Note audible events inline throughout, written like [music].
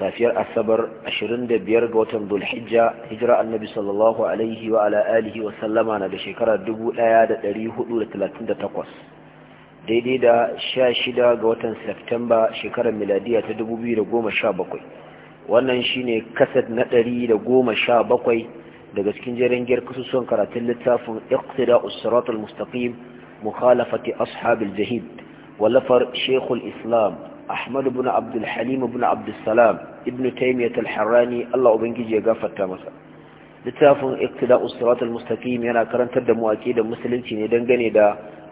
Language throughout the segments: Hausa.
safiyar asabar 25 ga watan dulhijja hijira annabi sallallahu alaihi wa ala alihi wa sallama na da shekara 1438 daidai da 16 ga watan septemba shekarar miladiya ta 2017 wannan shine kasad na 117 daga cikin jerin giyar kasusuwan karatun littafin iqtida usratul mustaqim mukhalafati ashabil jahid wallafar shekul islam أحمد بن عبد الحليم بن عبد السلام ابن تيمية الحراني الله أبنجي يقف masa. littafin iktida'u siratul mustaqim yana karantar da mu aqidar musulunci ne dangane da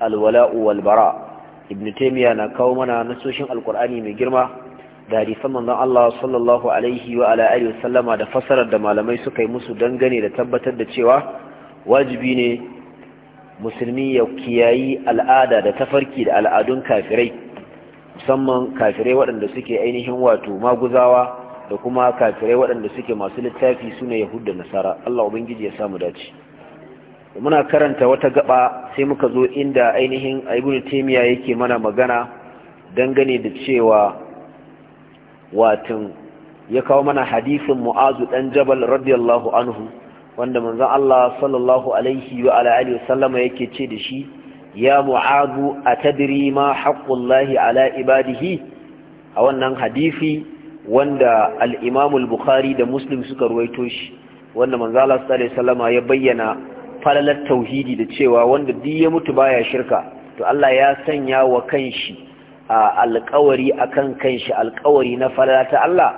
alwala'u wal bara ibn taymiya na kawo mana nasoshin alqur'ani mai girma da hadisan manzon Allah sallallahu alaihi wa ala alihi da fasarar da malamai suka yi musu dangane da tabbatar da cewa wajibi ne musulmi ya kiyayi al'ada da tafarki da al'adun kafirai musamman kafirai waɗanda suke ainihin wato maguzawa da kuma kafirai waɗanda suke masu littafi su ne yahud da nasara allah ubangiji ya samu dace muna karanta wata gaba sai muka zo inda ainihin ibn taymiya yake mana magana dangane da cewa watan ya kawo mana hadisin mu'azu dan jabal radiyallahu anhu wanda manzon Allah sallallahu alaihi wa ala alihi wasallama yake ce da shi ya mu'adu a tadiri ma haƙƙullahi ala ibadihi a wannan hadisi wanda al'imamul bukhari da muslim suka ruwaito shi wanda manzala salama ya bayyana falalar tauhidi da cewa wanda duk ya mutu baya shirka to Allah ya sanya wa kanshi alƙawari akan kanshi alƙawari na falala ta Allah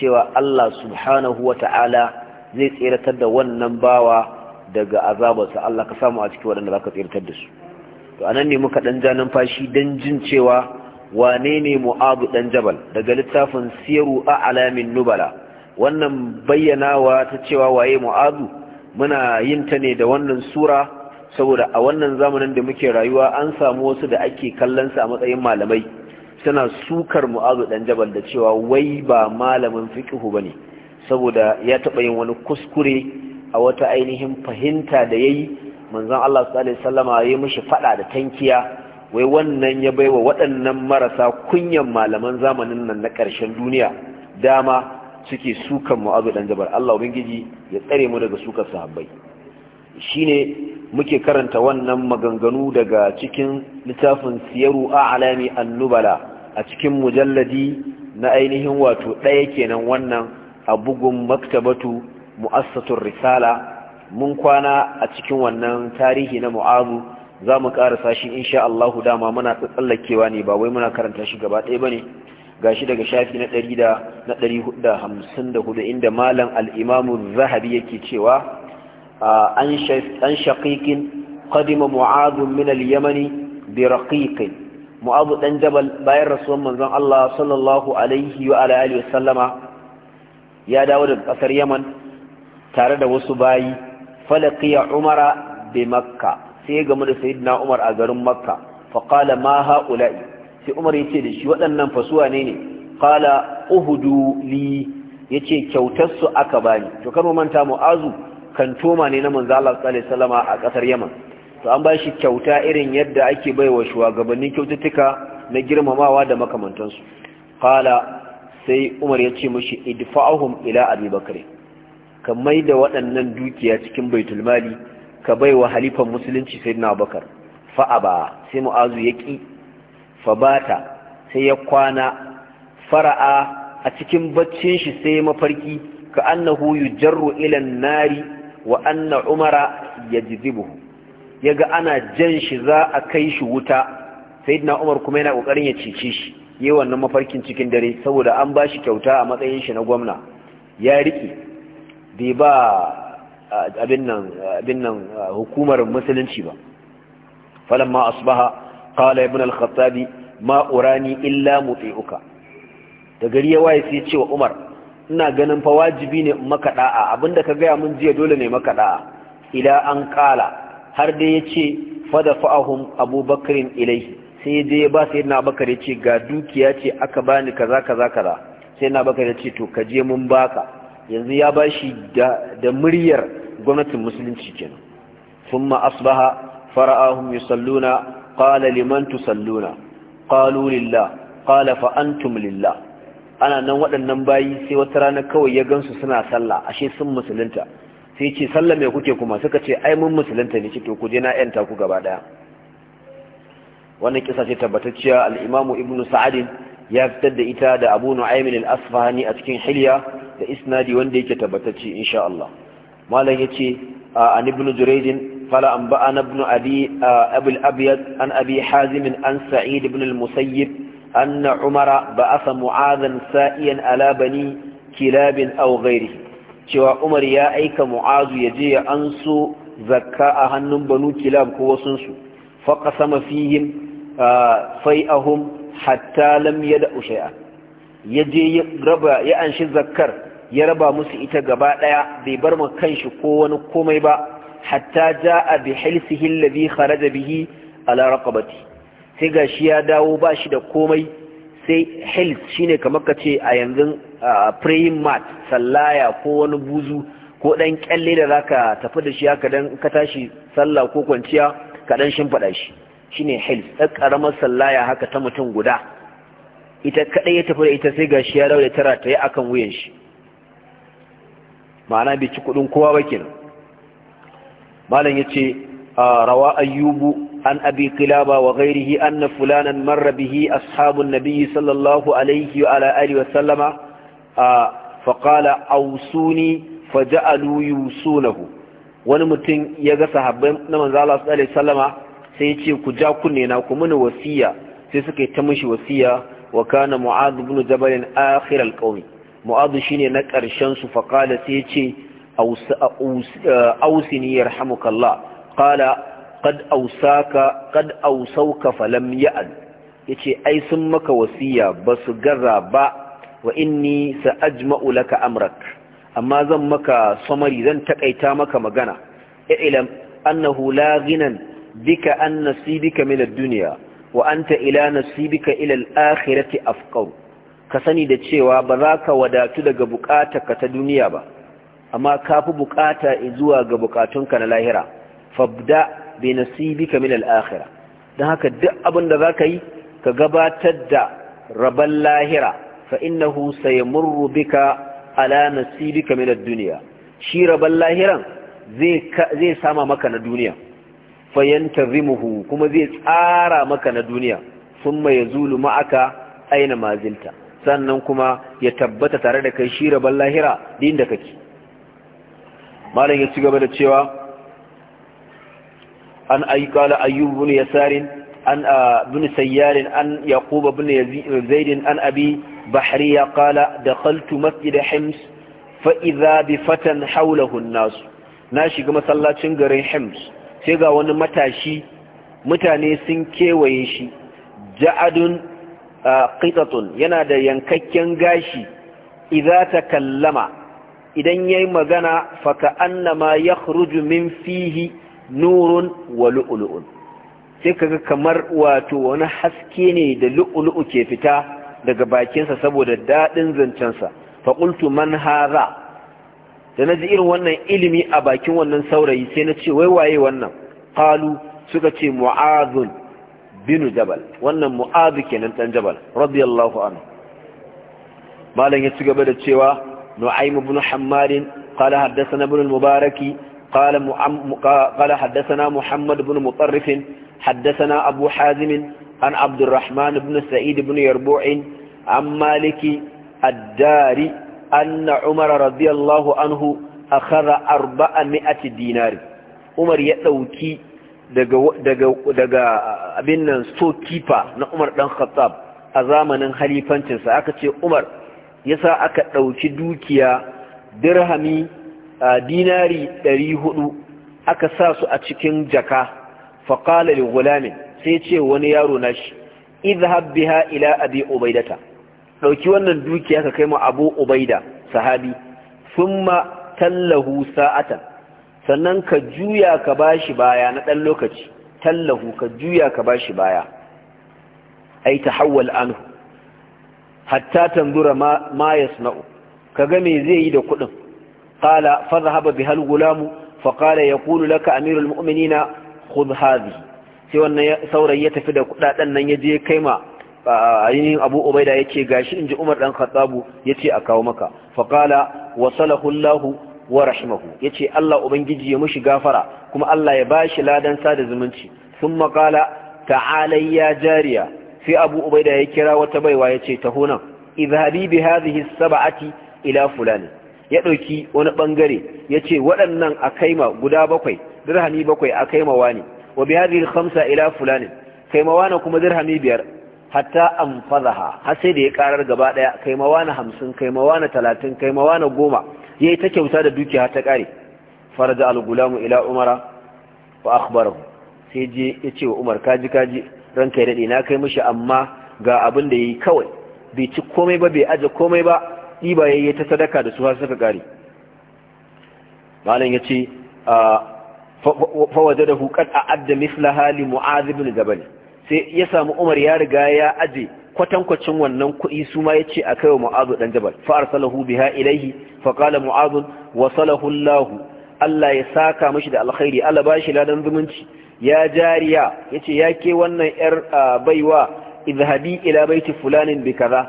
cewa Allah subhanahu wa ta'ala zai tseratar da wannan bawa daga azabarsa Allah ka samu a cikin waɗanda za ka tseratar da su to anan ne muka dan ja numfashi dan jin cewa wane ne mu'abu dan jabal daga littafin siru a alamin nubala wannan bayyanawa ta cewa waye mu'abu muna yin ta ne da wannan sura saboda a wannan zamanin da muke rayuwa an samu wasu da ake kallon su a matsayin malamai suna sukar mu'azu dan jabal da cewa wai ba malamin fiqhu bane saboda ya taba yin wani kuskure a wata ainihin fahimta da yayi manzon Allah sallallahu alaihi wasallama yayi mishi fada da tankiya wai wannan ya baiwa waɗannan marasa kunyan malaman zamanin nan na ƙarshen duniya dama suke sukan mu'azu dan jabar Allah ubangiji ya tsare mu daga sukan sahabbai shine muke karanta wannan maganganu daga cikin littafin siyaru a'lami an-nubala a cikin mujalladi na ainihin wato ɗaya kenan wannan a bugun maktabatu mu'assatur risala mun kwana a cikin wannan tarihi na mu'azu za mu karasa shi insha Allah dama muna tsallakewa ne ba wai muna karanta shi gaba ɗaya Ga shi daga shafi na 454 inda malam al-Imam zahabi yake cewa an an shaqiqin qadima minal min al-Yaman bi raqiq mu'adh dan jabal bayan rasulun manzon Allah sallallahu alaihi wa alihi wa sallama ya dawo daga ƙasar Yaman tare da wasu bayi falaqiya umara bi makka sai ya da sayyidina umar a garin makka fa Mahaula'i, ma sai umar yace da shi waɗannan fasuwa ne ne qala uhudu li yace kyautar su aka bani to kar mu manta mu'azu kan toma ne na manzo Allah salama a ƙasar Yaman to an ba shi kyauta irin yadda ake baiwa shugabannin kyaututtuka na girmamawa da makamantansu qala sai Umar ya ce mishi idfa'uhum ila Abi Bakr ka mai da waɗannan dukiya cikin baitul mali ka bai wa halifan musulunci sai na bakar fa'aba sai mu'azu ya ƙi fabata sai ya kwana fara'a a cikin baccin shi sai mafarki ka Huyu, Jarro, ilan nari wa na umara ya ya ga ana jan shi za a kai shi wuta sai umar kuma yana ƙoƙarin ya cece shi yi wannan mafarkin cikin dare saboda an ba shi kyauta a matsayin shi na gwamna ya riƙe bai ba abin nan hukumar musulunci ba falamma asbaha qala ibn al khattabi ma urani illa muti'uka da gari ya waye sai cewa umar ina ganin fa wajibi ne maka da'a abinda ka gaya mun jiya dole ne maka da'a ila an kala har dai yace fa'ahun abubakrin ilai sai dai ba sai na bakar ce, ga dukiya ce aka bani kaza kaza kaza sai na bakar ce to ka je mun baka yanzu ya ba shi da muryar gwamnatin musulunci kenan thumma asbaha yi salluna ƙala liman tusalluna qalu lillah qala fa lillah ana nan waɗannan bayi sai wata rana kawai ya gansu suna sallah ashe sun musulunta sai ce sallah mai kuke kuma suka ce ai mun musulunta ne ce to ku je na yanta ku gaba ɗaya wannan kisa ce tabbatacciya al'imamu ibnu sa'ad ya fitar da ita da abu nu'aymin al-asfahani a cikin hilya da isnadi wanda yake tabbatacce insha Allah malam yace an ibn jurayd Fala an ba'ana ibn abi abul abyad an abi hazim an sa'id ibn al musayyib أن عمر بعث معاذا سائيا على cewa Umar ya aika Mu'azu ya je ya anso zakka a hannun Banu Kilab ko wasun su fa qasama fihim fai'ahum hatta lam yad'u shay'a ya ya raba ya anshi zakkar ya raba musu ita gaba ɗaya bai bar mu kanshi ko wani komai ba hatta a bi hilsihi alladhi kharaja bihi ala raqabati sai gashi ya dawo ba shi da komai sai hils shine kamar ka ce a yanzu praying mat sallaya ko wani buzu ko dan kyalle da zaka tafi da shi haka dan ka tashi sallah ko kwanciya ka dan fada shi shine hils dan karamar sallaya haka ta mutum guda ita kadai ya tafi da ita sai gashi ya dawo da tara ta yi akan wuyan shi ma'ana bai ci kudin kowa ba kenan malam yace rawa ayyubu an abi kilaba wa ghairihi anna fulanan marra bihi ashabun nabiyyi sallallahu alaihi wa ala alihi wa sallama fa qala awsuni faja'alu yusunahu wani mutum ya ga sahabbai na manzo Allah sallallahu alaihi sai ya ce ku ja kunne na ku mini wasiya sai suka yi ta mishi wasiya wa kana mu'adh ibn jabal akhir al-qawmi mu'adh shine na ƙarshen su fa qala sai yace ausini yarhamukallah qala qad ausaka qad ausauka falam ya'al ce ai sun maka wasiya basu gara ba wa inni sa'ajma'u laka amrak amma zan maka samari zan takaita maka magana ilam annahu la ghinan bika an nasibika min ad-dunya wa anta ila nasibika ila al-akhirati afqaw ka sani da cewa ba za ka wadatu daga bukatarka ta duniya ba amma ka fi bukata zuwa ga bukatunka na lahira fabda bai nasibika min al-akhirah dan haka duk abin da zaka yi ka gabatar da rabal lahira fa innahu sayamurru bika ala nasibika min ad shi rabal lahiran zai zai sama maka na duniya fayantazimuhu kuma zai tsara maka na duniya thumma zulu ma'aka aina mazinta. sannan kuma ya tabbata tare da kai shi rabar lahira din da kake malam ya ci gaba da cewa an ayyukala ayyub bin yasarin an bin sayyarin an yaqub bin zaid an abi ya qala dakhaltu masjid hims fa idha bi fatan hawlahu an-nas na shiga masallacin garin hims sai ga wani matashi mutane sun kewaye shi ja'adun qitatun yana da yankakken gashi idza takallama idan yayi magana fa annama yakhruju min fihi nurun wa lu'lu'un sai kaga kamar wato wani haske ne da lu'lu'u ke fita daga bakinsa saboda dadin zancensa fa qultu man hadha da naji irin wannan ilimi a bakin wannan saurayi sai na ce wai waye wannan qalu suka ce mu'adhun binu jabal wannan mu'adu kenan dan jabal radiyallahu anhu malan ya ci gaba da cewa nu'aym ibn hammad qala haddathana ibn al qala qala muhammad ibn mutarrif haddathana abu hazim an abd arrahman sa'id ibn yarbu' an malik ad-dari anna umar radiyallahu anhu akhara 400 dinar umar ya dauki daga abin nan stokipa na umar dan khattab a zamanin halifancinsa aka ce umar yasa aka ɗauki dukiya dirhami dinari 400 aka sa su a cikin jaka qala da gulamin sai ce wani yaro na shi biha ila abi ubaidata ɗauki wannan dukiya ka kai mu abu ubaida sahabi thumma tallahu sa'atan sannan ka juya ka bashi baya na ɗan lokaci tallahu ka juya ka bashi baya ai tahawwal anhu hatta tanzura ma, ma Ka ga me zai yi da kuɗin qala fa dhahaba bihal gulamu fa ya kulu laka amirul mu'minina khudh sai wannan saurayi ya tafi da kuɗaɗen nan ya je kaima ainihin abu ubaida yake ga gashi in ji umar ɗan khattabu ya ce a kawo maka faƙala wasalahu allahu wa rahimahu yace Allah ubangiji ya mushi gafara kuma Allah ya bashi ladan sada zumunci thumma qala ta'alayya jariya sai Abu Ubaida ya kira wata baiwa yace taho nan idhabi bi hadhihi sab'ati ila fulani ya dauki wani bangare yace waɗannan a kaima guda bakwai dirhami bakwai a kaima wani wa bi hadhihi khamsa ila fulani kaima wani kuma dirhami biyar hatta an har sai da ya karar gaba daya kai wani hamsin kai wani talatin kai wani goma yayi ta kyauta da dukiya ta kare faraja al-gulamu ila umara wa akhbarahu sai je yace wa umar kaji kaji ranka ya dade na kai mishi amma ga abin da yayi kawai bai ci komai ba bai aje komai ba diba yayi ta sadaka da su har suka kare malam yace fa wajadahu qad a'adda mislaha li mu'adh ibn jabal sai ya samu umar ya riga ya aje kwatankwacin wannan kuɗi su ma ya ce a kai wa mu'azu ɗan jabal fa'ar salahu biha ilaihi faƙala mu'azu wa salahu lahu Allah ya saka mashi da alkhairi Allah ba shi ladan zumunci ya jariya ya ce ya ke wannan yar baiwa izhabi ila baiti fulanin bi kaza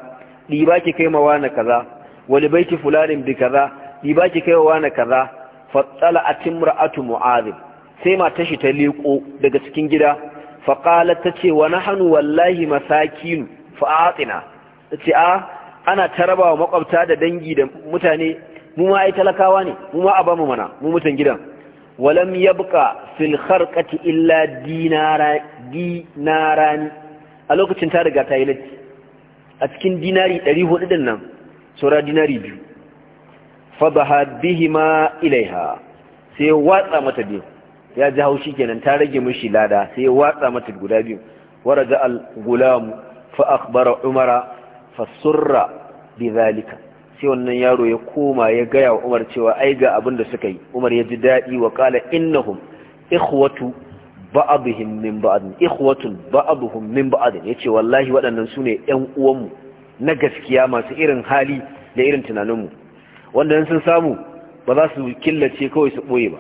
Diba ki kai mawa na kaza wani baiti fulanin bi kaza Diba ki kai wa na kaza fatsala a timra'atu mu'azib sai mata shi ta leƙo daga cikin gida faƙala ta ce wa nahanu wallahi masakinu fa'atina tace a ah, ana tarabawa makwabta da dangi da mutane mu ma ai talakawa ne mu ma a bamu mana mu mutan gidan walam yabqa fil kharqati illa dinara dinarani a lokacin ta riga ta yi latti a cikin dinari 400 din nan saura dinari biyu Fa bihi bihima ilaiha sai ya watsa mata biyu ya ji haushi kenan ta rage mishi lada sai ya watsa mata guda biyu waraja al-gulam fa akhbara umara fa surra sai wannan yaro ya koma ya gaya wa umar cewa ai ga abin da suka yi umar ya ji daɗi wa kala innahum ikhwatu ba'dihim min ba'd ikhwatun ba'dhum min ba'd yace wallahi waɗannan sune ƴan uwanmu na gaskiya masu irin hali da irin tunaninmu wanda sun samu ba za su killace kawai su ɓoye ba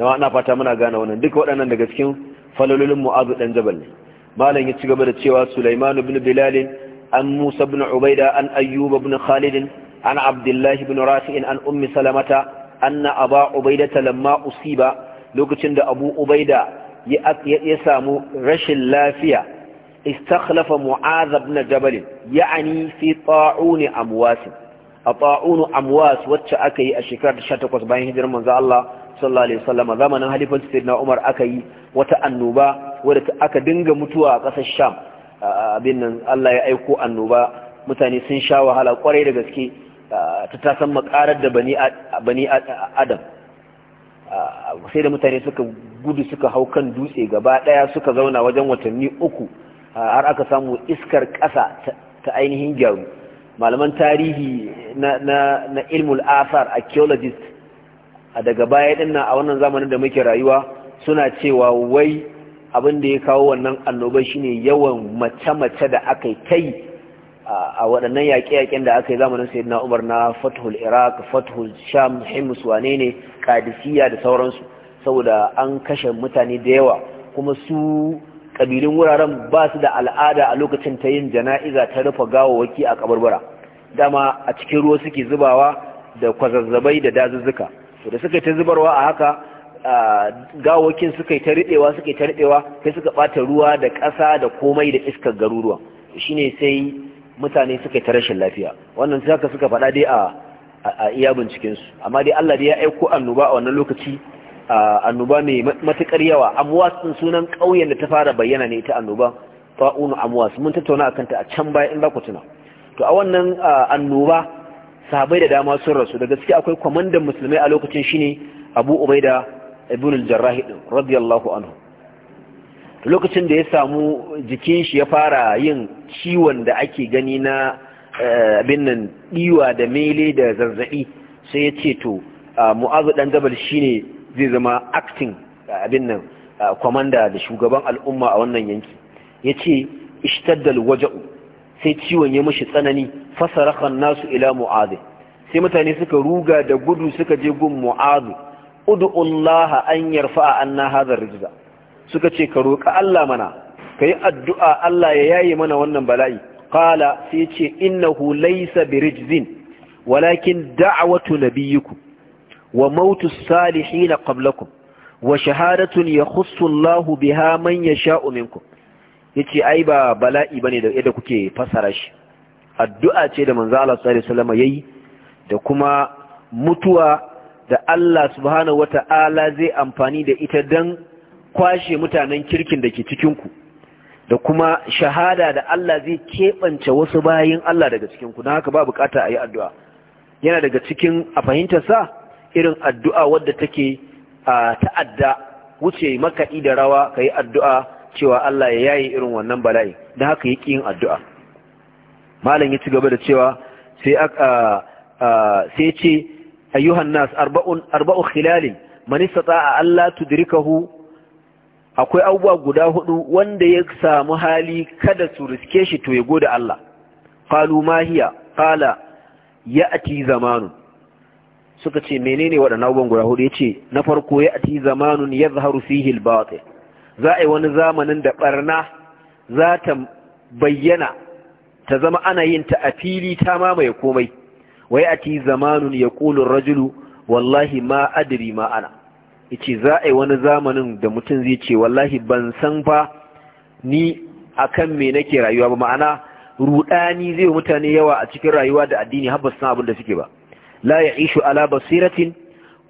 zama ana fata muna gane wannan duka waɗannan daga cikin falalolin mu'azu ɗan jabal ne malam ya ci gaba da cewa Sulaiman ibn Bilal an Musa ibn Ubaida an Ayyub ibn Khalid an Abdullah ibn Rafi an Ummi Salamata anna Aba Ubaida lamma usiba lokacin da Abu Ubaida ya samu rashin lafiya istakhlafa Mu'adh ibn Jabal ya'ani fi ta'un amwas a ta'un amwas wacce aka yi a shekarar 18 bayan hijirar manzo Allah sallallahu alaihi wasallam zamanin halifanci sayyidina Umar aka yi wata annoba wadda aka dinga mutuwa a ƙasar Sham abin nan Allah ya aiko annoba mutane sun sha wahala kwarai da gaske ta tasan makarar da bani Adam sai da mutane suka gudu suka hau kan dutse gaba daya suka zauna wajen watanni uku har aka samu iskar ƙasa ta ainihin gyaru malaman tarihi na ilmul asar archaeologists a daga baya dinna a wannan zamanin da muke rayuwa suna cewa wai abin da ya kawo wannan annoba shine yawan mace-mace da aka kai a waɗannan yaƙe-yaƙen da aka yi zamanin na Umar na Fathul Iraq, Fathul Sham, Hims wane ne, da sauransu saboda an kashe mutane da yawa kuma su kabilun wuraren ba su da al'ada a lokacin ta yin jana'iza ta rufe gawawaki a kabarbara dama a cikin ruwa suke zubawa da kwazazzabai da dazuzzuka to da suka yi ta zubarwa a haka gawokin suka yi ta riɗewa suka yi ta riɗewa sai suka ɓata ruwa da ƙasa da komai da iskar garuruwa shine sai mutane suka yi ta rashin lafiya wannan sai haka suka faɗa dai a iya bincikensu amma dai Allah dai ya aiko annoba a wannan lokaci annoba mai matuƙar yawa amwas din sunan ƙauyen da ta fara bayyana ne ta annoba fa'unu amwas mun tattauna akan ta a can baya in ba ku tuna to a wannan annoba sahabai da dama sun rasu da gaske akwai kwamandan musulmai a lokacin shine abu ubaida ibn al-jarrah radiyallahu anhu lokacin da ya samu jikin shi ya fara yin ciwon da ake gani na eh, abin nan diwa da mele da zazzabi sai ya ce to ah, mu'azu dan jabal shine zai zama acting ah, abin nan kwamanda ah, da shugaban al'umma a wannan yanki yace ishtaddal waja'u sai ciwon ya mashi tsanani fasarakan nasu ila mu'adh sai mutane suka ruga da gudu suka je gun mu'adh ud'ullaha an yarfa'a anna hadha rijza suka ce ka roƙa Allah mana kai addu'a Allah ya yaye mana wannan bala'i qala sai ce innahu laysa birijzin walakin da'watu nabiyikum wa mautu salihin qablakum wa shahadatun yakhussu Allahu biha man yasha'u minkum yace ai ba bala'i ba ne da yadda kuke fassara shi addu'a ce da manzo Allah sallallahu alaihi wasallam yayi da kuma mutuwa da Allah subhanahu wata'ala zai amfani da ita dan kwashe mutanen kirkin da ke cikin da kuma shahada da Allah zai keɓance wasu bayin Allah daga cikin ku don haka ba bukata a yi addu'a yana daga cikin a fahimtarsa irin addu'a wadda take ta'adda wuce makaɗi da rawa ka yi addu'a cewa Allah ya yayi irin wannan bala'i don haka yake yin addu'a malam ya ci gaba da cewa sai sai ce ayyuhan nas arba'un arba'u khilalin man istata'a Allah tudrikahu akwai abubuwa guda hudu wanda ya samu hali kada su riske shi to ya gode Allah qalu ma hiya qala ya'ti zamanun suka ce menene waɗannan abubuwan guda hudu yace na farko ya'ti zamanun yadhharu fihi al-batil za a yi wani zamanin da barna za ta bayyana ta zama ana yin ta a fili ta mamaye komai wai a ti zamanun ya ƙulun rajulu wallahi ma adiri ma ana ce za a yi wani zamanin da mutum zai ce wallahi ban san ba ni akan me nake rayuwa ba ma'ana rudani zai mutane yawa a cikin rayuwa da addini har ba san abin da suke ba la ya ishu ala basiratin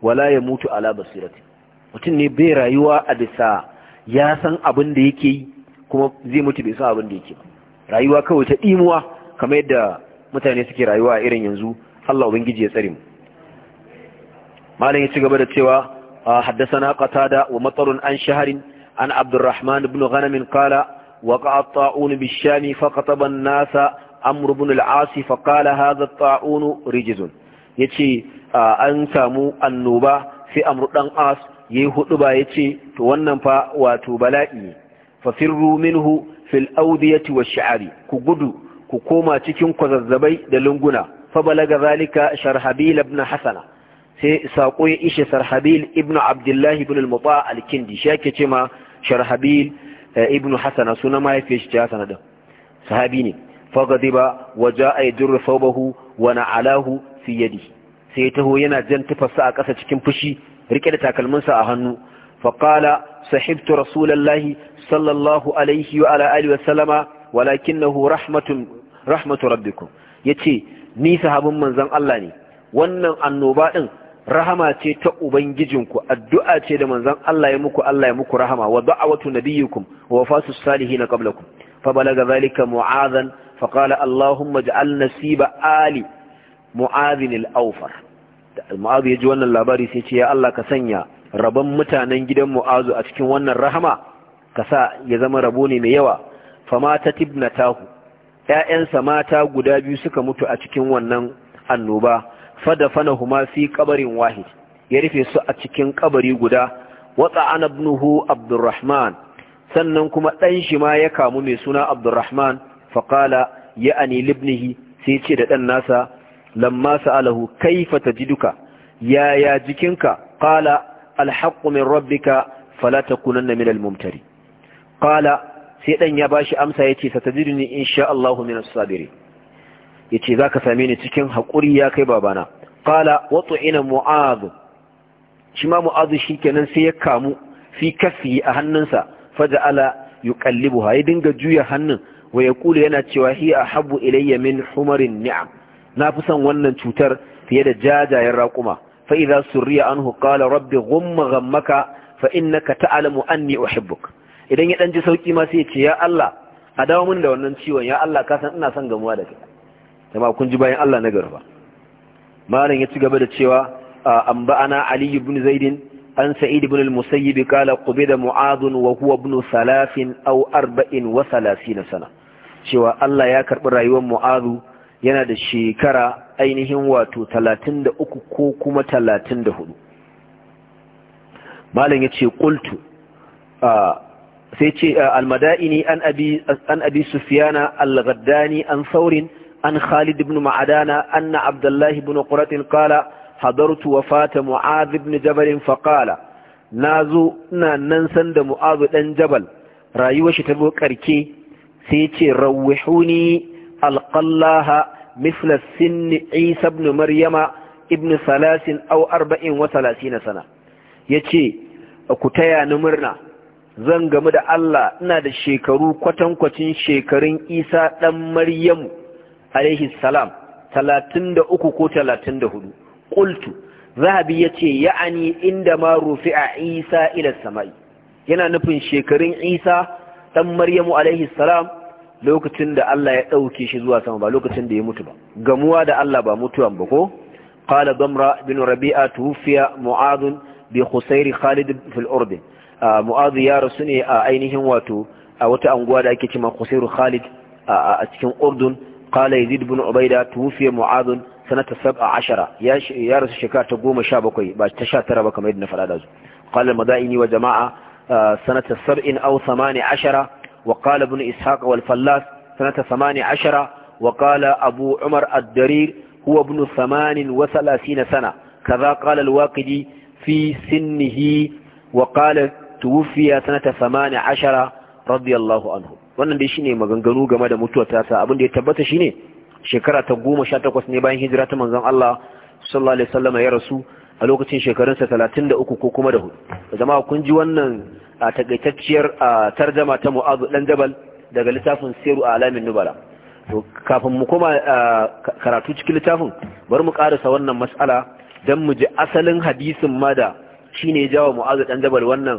wala ya mutu ala basiratin mutum ne bai rayuwa a bisa ya san abin da yake yi kuma zai mutu bai san abin da yake rayuwa kawai ta imuwa kamar yadda mutane suke rayuwa a irin yanzu Allah ubangiji ya tsare mu malam ya ci gaba da cewa haddathana qatada wa matarun an shaharin an abdurrahman ibn ghanam qala waqa'a ta'un bishami fa qataba an-nas amr ibn al-as fa qala hadha an samu annuba fi amr dan as yayi hudu ba ce to wannan fa wato bala'i fa firru minhu fil awdiyati wash-sha'ri ku gudu ku koma cikin kwazazzabai da lunguna fa balaga zalika sharhabil ibn hasana sai sako ya ishe sharhabil ibn abdullahi ibn al-muta al-kindi shi ce cewa sharhabil eh, ibn hasana sunan mahaifiyar shi hasana din sahabi ne fa gadiba wa ja'a yadur thawbahu wa na'alahu fi yadihi sai taho yana jan tufarsa a ƙasa cikin fushi rike da takalminsa a hannu faƙala sahibtu rasulallahi sallallahu alaihi wa ala alihi wasallama walakinahu rahmatun rahmatu rabbikum yace ni sahabin manzon Allah ne wannan annoba ɗin rahama ce ta ubangijinku addu'a ce da manzon Allah ya muku Allah ya muku rahama wa da'awatu nabiyikum wa na salihin ku. fa ga zalika mu'adhan fa qala allahumma ij'al nasiba ali mu'azinil aufar mu'azu ya ji wannan labari sai ce ya Allah ka sanya rabon mutanen gidan mu'azu a cikin wannan rahama ka sa ya zama rabo ne mai yawa fama ta tibnatahu ƴaƴansa mata guda biyu suka mutu a cikin wannan annoba fadafanahuma fi qabarin wahid ya rufe su a cikin kabari guda watsa Anabnuhu abdurrahman sannan kuma ɗan shi ma ya kamu mai suna abdurrahman faqala ya ani libnihi sai ce da ɗan nasa lamma sa'alahu kaifa tajiduka yaya jikinka qala alhaqqu min rabbika fala takunanna min mumtari qala sai dan ya bashi amsa yace satajiduni insha Allahu minas sabirin yace zaka same ni cikin hakuri ya kai babana qala wat'ina mu'adh shi ma mu'adh shikenan sai ya kamu fi kafi a hannunsa faja'ala yuqallibuha ya dinga juya hannun wa yaqulu yana cewa hiya ahabbu ilayya min humarin ni'am na fi son wannan cutar fiye da jajayen raƙuma fa idza surriya an qala rabbi gumma gammaka. fa innaka ta'lamu anni uhibbuk idan ya dan sauƙi ma sai ya ce ya Allah a dawo mun da wannan ciwon ya Allah ka san ina son gamuwa da kai jama'a kun ji bayan Allah na garba malam ya ci gaba da cewa an ba'ana ali ibn zaid an sa'id ibn al-musayyib qala qubida mu'adh wa huwa ibn salafin aw arba'in wa salasina sana cewa Allah ya karbi rayuwar mu'adh yana da shekara ainihin wato talatin da uku ko kuma talatin da hudu malam ya ce ƙultu sai ce almada'ini an abi sufiyana al-ghaddani an saurin an khalid ibn ma'adana anna abdullahi ibn quratin kala hadartu wafata mu'adh ibn jabarin fa Na nazo ina nan san da mu'azu dan jabal rayuwar shi ta zo ƙarke. sai ce rawihuni alqallaha misla sinni isa maryama ibn salasin aw arba'in wa salasina sana yace ku taya ni murna zan gamu da Allah ina da shekaru kwatankwacin shekarun Isa ɗan Maryamu alaihi salam talatin da uku ko talatin da hudu ƙultu zahabi ya ce ya'ani inda ma rufi a Isa ila yana nufin shekarun Isa ɗan Maryamu alaihi salam lokacin da Allah ya ɗauke shi zuwa sama ba lokacin da ya mutu ba gamuwa da Allah ba mutuwan ba ko qala damra bin rabi'a tufiya mu'adh bi khusair khalid fil urdun mu'adh ya rasu ne a ainihin wato a wata anguwa da ake cewa khusair khalid a cikin urdun qala yazid bin ubaida tufiya mu'adh sanata 17 ya ya rasu shekara ta 17 ba ta 19 ba kamar yadda na faɗa da su qala madaini wa jama'a sanata 70 aw 18 وقال ابن إسحاق والفلاس سنة ثمان عشرة وقال أبو عمر الدرير هو ابن ثمان وثلاثين سنة كذا قال الواقدي في سنه وقال توفي سنة ثمان عشرة رضي الله عنه wannan dai shine maganganu game da mutuwar tasa abin da ya tabbata shine shekara ta takwas ne bayan hijira ta manzon Allah sallallahu alaihi wasallam ya rasu a lokacin shekarunsa talatin uku ko kuma da hudu jama'a kun ji wannan a takaitacciyar tarjama ta mu'azu dan jabal daga littafin siru a alamin nubala to kafin mu koma karatu cikin littafin bari mu karasa wannan matsala dan mu ji asalin hadisin ma da shine ya jawo mu'azu dan jabal wannan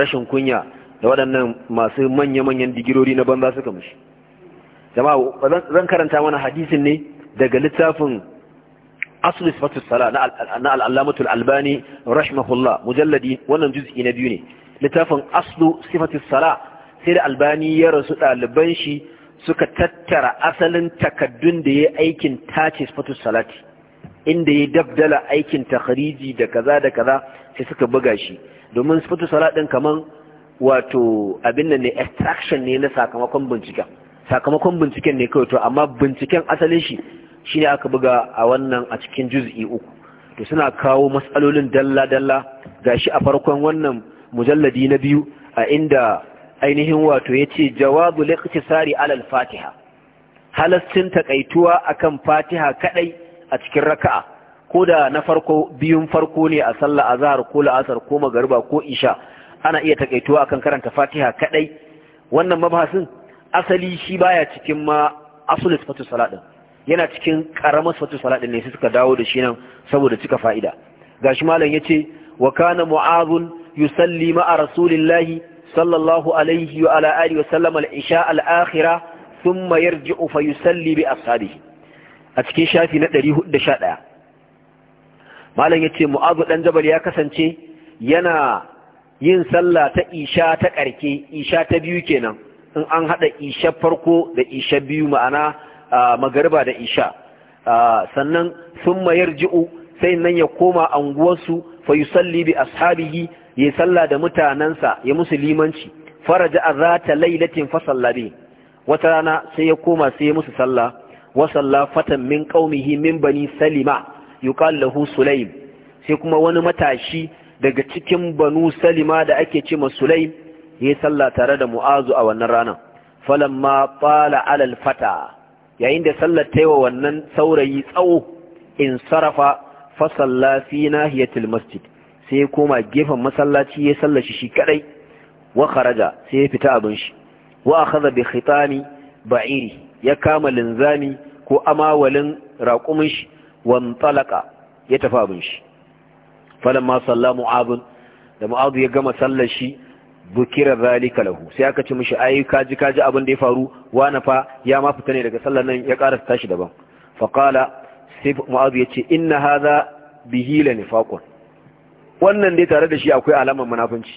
rashin kunya da waɗannan masu manya-manyan digirori na banza suka mushi jama'a zan karanta mana hadisin ne daga littafin asli fatus sala na al'allamatul albani rahimahullah mujalladi wannan juz'i na biyu ne littafin aslu sifatis sala sai da albani ya rasu ɗaliban shi suka tattara asalin takaddun da ya aikin tace sifatis salati inda ya dabdala aikin takhriji da kaza da kaza sai suka buga shi domin sifatis sala din kaman wato abin nan ne extraction ne na sakamakon binciken sakamakon binciken ne kawai to amma binciken asalin shi shine aka buga a wannan a cikin juz'i uku to suna kawo matsalolin dalla-dalla gashi a farkon wannan mujalladi na biyu a inda ainihin wato ya ce jawabu tsari alal fatiha halastin takaituwa akan fatiha kadai a cikin raka'a ko da na farko biyun farko ne a sallah azhar ko la'asar ko magariba ko isha ana iya takaituwa akan karanta fatiha kadai wannan mabahasin asali shi baya cikin ma asulus fatu saladin yana cikin karamar fatu saladin ne suka dawo da shi nan saboda cika fa'ida gashi malam yace wa kana mu'azun yusalli a rasulillahi sallallahu alaihi wa ala wa sallam al-isha al-akhira thumma yarji'u fa yusalli bi ashabihi a cikin shafi na 411 malam yace mu'azu dan jabal ya kasance yana yin sallah ta isha ta karke isha ta biyu kenan in an haɗa isha farko da isha biyu ma'ana magariba da isha sannan thumma yarji'u sai nan ya koma anguwarsu fa yusalli bi ashabihi ya sallah da mutanensa ya musulmanci faraja a zata lailatin fasallabi wata rana sai ya koma sai ya musu sallah wa sallah fatan min qaumihi min bani salima yuqal lahu sulaim sai kuma wani matashi daga cikin banu salima da ake ce sulaim ya sallah tare da mu'azu a wannan rana falamma qala alal fata yayin da sallar ta yi wa wannan saurayi tsawo in sarafa fasalla fi nahiyatil masjid sai ya koma gefen masallaci ya sallaci shi kadai wa kharaja sai ya fita abin shi wa akhadha bi khitami ba'iri ya kama linzami ko amawalin raqumin shi wa talaqa ya tafi abin shi falamma salla mu'adh da mu'adh ya gama sallar shi bukira zalika lahu sai aka ci mishi ai kaji kaji abin da ya faru wa nafa ya ma fita ne daga sallar nan ya karasa tashi daban faqala sai mu'adh ya ce inna hadha bihi la wannan dai tare da shi akwai alamar munafunci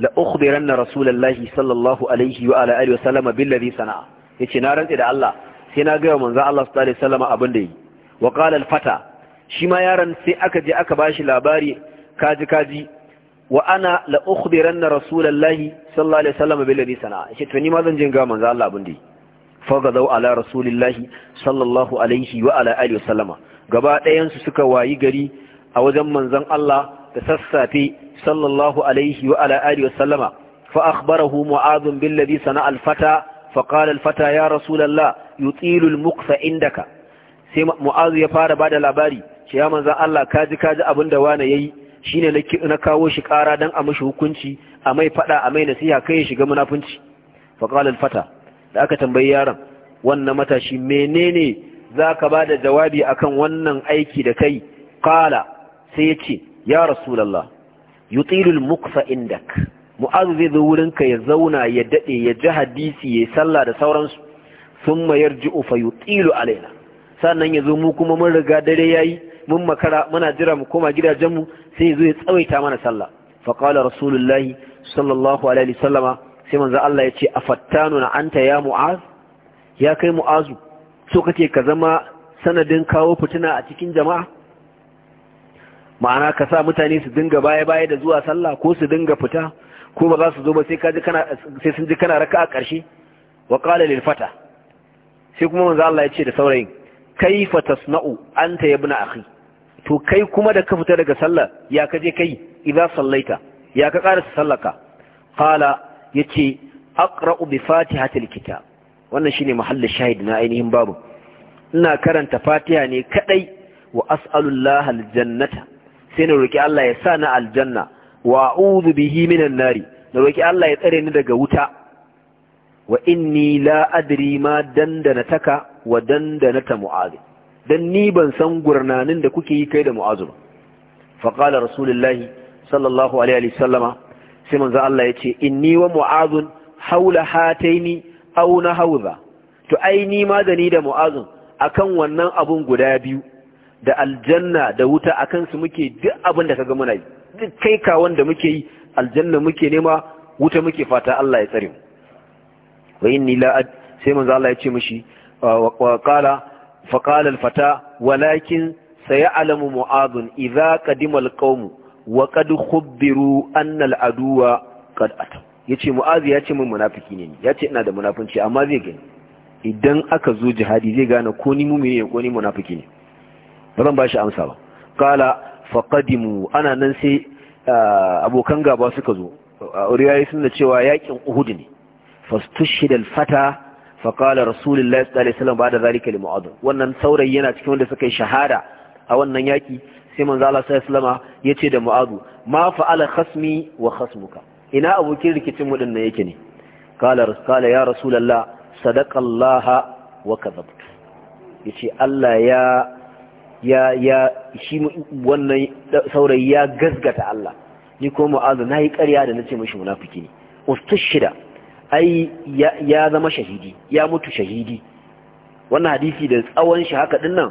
la ukhbiranna rasulullahi sallallahu alaihi wa ala alihi wa sallama billazi sana'a yace na rantsi da Allah sai na ga manzo Allah sallallahu alaihi wasallama abin da yi wa qala al-fata shi ma yaron sai aka je aka bashi labari kaji kaji wa ana la ukhbiranna rasulullahi sallallahu alaihi wasallama billazi sana'a yace to ni ma zan je ga manzo Allah abin da yi fagazau ala rasulillahi sallallahu alaihi wa ala alihi wasallama gaba ɗayan su suka wayi gari a wajen manzon Allah da sassafe sallallahu alaihi wa ala alihi wa sallama fa akhbarahu mu'adh bil sana al fata fa qala al fata ya rasulullah yutilu al muqfa indaka sai mu'adh ya fara bada labari ce ya manzon Allah kaji kaji da wani yayi shine na kawo shi kara dan a mishi hukunci a mai fada a mai nasiha kai ya shiga munafunci fa qala al fata da aka tambayi yaron wannan matashi menene zaka bada jawabi akan wannan aiki da kai qala sai ya ce ya rasulallah yutilul mukfa indak mu'azu zai zo wurinka ya zauna ya daɗe ya ji hadisi ya sallah da sauransu sun mayar ji'u fa yutilu alaina sannan ya zo mu kuma mun riga dare yayi mun makara muna jira mu koma gidajenmu sai ya zo ya tsawaita mana sallah fa qala rasulullahi sallallahu alaihi sallama, sai manzo Allah ya ce afattanu na anta ya mu'az ya kai mu'azu so kake ka zama sanadin kawo fitina a cikin jama'a ma'ana ka sa mutane su dinga baya-baya da zuwa sallah ko su dinga fita ko ba za su zo ba sai sun ji kana raka a ƙarshe wa ƙala lilfata sai kuma manzo Allah ya ce da saurayin kaifa tasna'u anta ya bina akhi to kai kuma da ka fita daga sallah ya ka je kai iza sallaita ya ka ƙara sallaka qala yace aqra'u bi fatihatil kitab wannan shine mahallin shahid na ainihin babu ina karanta fatiha ne kadai wa as'alullaha aljannata sai na roƙi Allah ya sa na aljanna wa a'udhu bihi minan nari na roƙi Allah ya tsare ni daga wuta wa inni la adri ma dandana taka wa dandana ta mu'adh dan ni ban san gurnanin da kuke yi kai da mu'azu ba fa qala rasulullahi sallallahu alaihi wa sallama sai manzo Allah yace inni wa mu'adh haula hataini aw na hauza to ai ni ma da ni da mu'azun akan wannan abun guda biyu da aljanna da wuta a kansu muke duk abin da kaga muna yi duk kai ka wanda muke yi aljanna muke nema wuta muke fata Allah ya tsare mu wa inni la sai manzo Allah ya ce mishi wa qala fa qala al fata walakin sayalamu mu'adun idza qadima al qawm wa qad khubbiru anna al aduwa qad ata yace ya ce min munafiki ne yace ina da munafunci amma zai gani idan aka zo jihadi zai gane ko ni mumini ne ko ni munafiki ne ba zan ba shi amsa ba kala faqadimu ana nan sai ah, abokan gaba suka zo riyayi suna cewa yakin uhud ne fastushhid al-fata faqala rasulullahi sallallahu alaihi wasallam ba'da zalika li mu'adh wannan saurayi yana cikin wanda suka yi shahada a wannan yaki sai manzo Allah sallallahu alaihi wasallama yace da mu'adh ma fa'ala khasmi wa khasmuka ina abokin rikicin mu dinnan yake ne qala qala ya rasulullah sadaqa Allah wa kadhabta yace Allah ya ya ya shi wannan saurayi ya gasgata Allah ni ko mu'azu nayi ƙarya da nace mishi munafiki ne ustashida ai ya zama shahidi ya mutu shahidi wannan hadisi da tsawon shi haka dinnan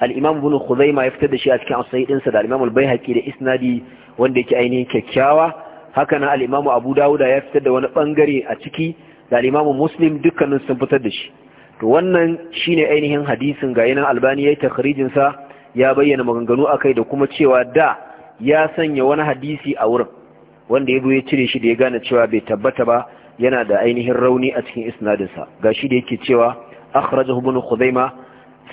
al-imam ibn khuzaima ya fitar da shi a cikin as din sa, da al-imam al-baihaqi da isnadi wanda yake ainihin kyakkyawa haka nan al-imam abu dawuda ya fitar da wani bangare a ciki da al-imam muslim dukkanin sun fitar da shi to wannan shine ainihin hadisin ga yanan albani yayi takhrijin sa ya bayyana maganganu akai da kuma cewa da ya sanya wani hadisi a wurin wanda ya ya cire shi da ya gane cewa bai tabbata ba yana da ainihin rauni a cikin isnadinsa shi da yake cewa akhrajahu ibn khuzaima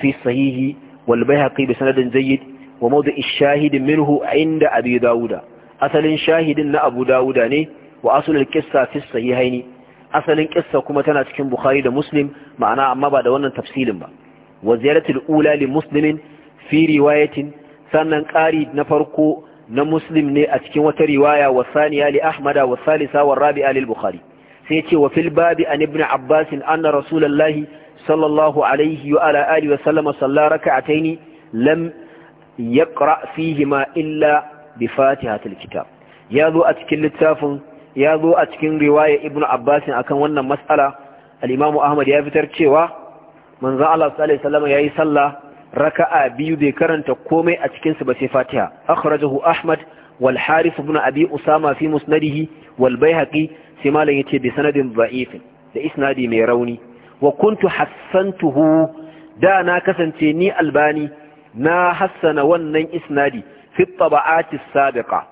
fi sahihi wal bayhaqi bi sanadin jayyid wa mawdu' ash-shahid minhu 'inda abi dauda asalin shahidin na abu dauda ne wa aslul qissa fi sahihaini asalin qissa kuma tana cikin bukhari da muslim ma'ana amma ba da wannan tafsilin ba wa ziyaratul ula li muslimin fi riwayatin sannan ƙari na farko na muslim ne a cikin wata riwaya wa saniya li ahmada wa salisa wa rabi'a lil bukhari sai ce wa fil babi an ibn abbas anna rasulullahi sallallahu alaihi wa ala alihi wa sallama salla raka'ataini lam yaqra fihima illa bi fatihatil kitab ya zo a cikin littafin ya zo a cikin riwaya ibn abbas akan wannan mas'ala al-imamu ahmad ya fitar cewa manzon Allah sallallahu alaihi wasallam yayi sallah raka'a biyu bai karanta komai a cikin su ba sai Fatiha akhrajahu Ahmad wal Harith ibn Abi Usama fi musnadihi wal Baihaqi sai malam yace bi sanadin da'if da isnadi mai rauni wa kuntu hassantuhu da na kasance ni Albani na hassana wannan isnadi fi taba'ati sabiqa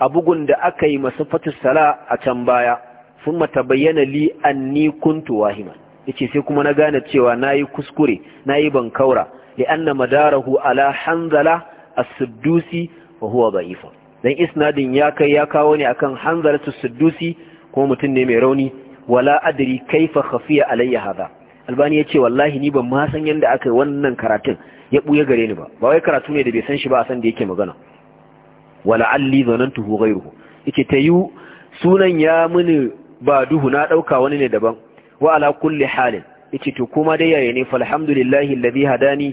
a bugun da aka yi masu sala a can baya sun mata bayyana li anni kuntu wahima yace sai kuma na gane cewa nayi kuskure nayi bankaura da madarahu ala hanzala a suddusi wa huwa da'ifun dan isnadin ya kai ya kawo ne akan hanzalatu as-suddusi ko mutum ne mai rauni wala adri kaifa khafiya alayya hadha albani ce wallahi ni ba ma san yadda aka wannan karatun ya buya gare ni ba ba wai karatu ne da bai san shi ba a san da yake magana wala alli zanantuhu ghayruhu yace tayu sunan ya muni ba duhu na ɗauka wani ne daban wa ala kulli halin yace to kuma dai yare ne falhamdulillahi alladhi hadani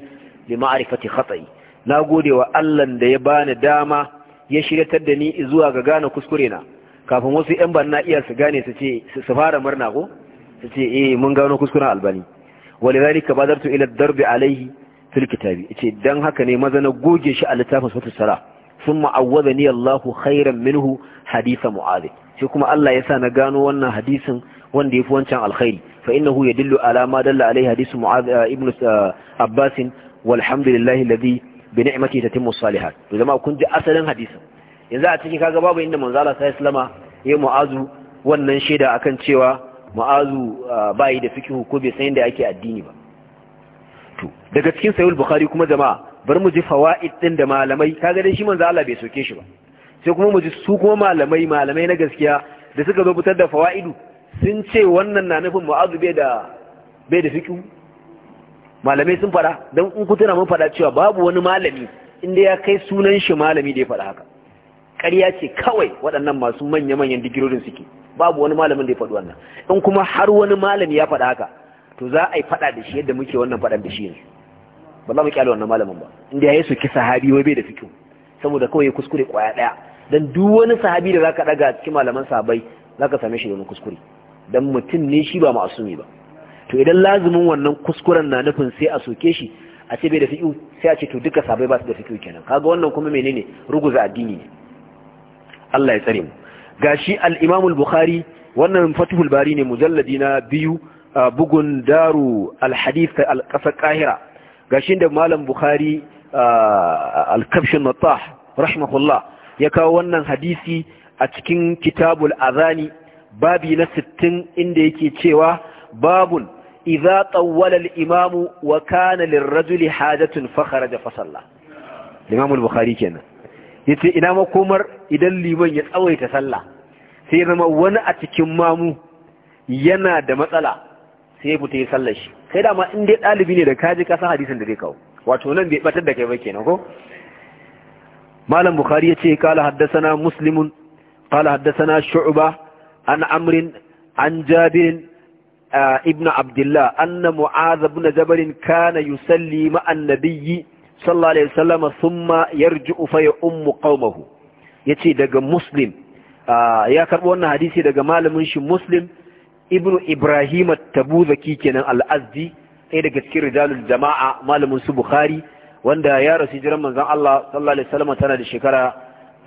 li ma'rifati khata'i nagode wa Allah da ya bani dama ya shiryatar da ni zuwa ga gane kuskure na kafin wasu yan banna iya su gane su ce su fara murna ko su ce eh mun gano kuskuren albani walidhalika badartu ila ad darbi alayhi fil kitabi yace dan haka ne maza na goge shi a littafin sura sara thumma awwadani Allahu khairan minhu hadisa mu'adh sai kuma Allah ya sa na gano wannan hadisin wanda fi wancan alkhairi fa innahu yadullu ala ma dalla alaihi hadisu mu'adh uh, ibn uh, abbas walhamdulillahi alladhi bi ni'mati tatimmu salihat to jama'a kun ji asalin hadisin yanzu a cikin kaga babu inda manzo Allah sallallahu alaihi ya mu'azu wannan shaida akan cewa mu'azu uh, bai da fikihu ko bai san yadda ake addini ba to daga cikin sahih bukhari kuma jama'a bar mu ji fawaid din da malamai kaga dai shi manzo Allah bai soke shi ba sai kuma mu ji su kuma malamai malamai na gaskiya da suka zo fitar da fawaidu sun ce wannan na nufin mu'azu bai da fikin malamai sun fada don in ku tana mun cewa babu wani malami inda ya kai sunan shi malami da ya fada haka ƙarya ce kawai waɗannan masu manya-manyan digirorin suke babu wani malamin da ya faɗi wannan in kuma har wani malami ya fada haka to za a yi faɗa da shi yadda muke wannan fadan da shi yanzu ba za mu kyale wannan malamin ba inda ya yi su sahabi wai bai da fikin saboda kawai ya kuskure kwaya ɗaya Don duk wani sahabi da za ka ɗaga cikin malaman za zaka same shi da wani kuskure dan mutum ne shi ba ma'asumi ba to idan lazumin wannan kuskuren na nufin sai a soke shi a ce bai da fi'u sai a ce to duka sabai ba su da fi'u kenan kaga wannan kuma menene ruguza addini ne Allah ya tsare mu gashi al-Imam al-Bukhari wannan Fathul Bari ne mujalladi na biyu bugun daru al-hadith al-qasar Qahira gashi da Malam Bukhari al-Kabsh al-Mattah rahimahullah ya kawo wannan hadisi a cikin Kitabul Azani babi na sittin inda yake cewa babun iza tawwala imamu wa kana lirrajuli hajatun fa kharaja fa salla bukari kenan. Ya kenan yace ina makomar idan liman ya tsawaita sallah sai zama wani a cikin mamu yana da matsala sai fita yi sallar shi kai dama inda dai ɗalibi ne da kaji kasan hadisin da zai kawo wato nan bai batar da kai ba kenan ko malam bukhari ya ce kala haddasana muslimun kala haddasana shu'ba an amrin an jabirin ibn abdullah anna mu'adh ibn jabal kana yusalli ma'an nabiyyi sallallahu alaihi wasallam thumma yarji'u fa ya'ummu qaumahu yace daga muslim ya karbo wannan hadisi daga malamin shi muslim ibnu ibrahim at-tabuzaki kenan al-azdi daga cikin rijalul jama'a malamin su bukhari wanda ya rasu jiran manzan Allah sallallahu alaihi wasallam tana da shekara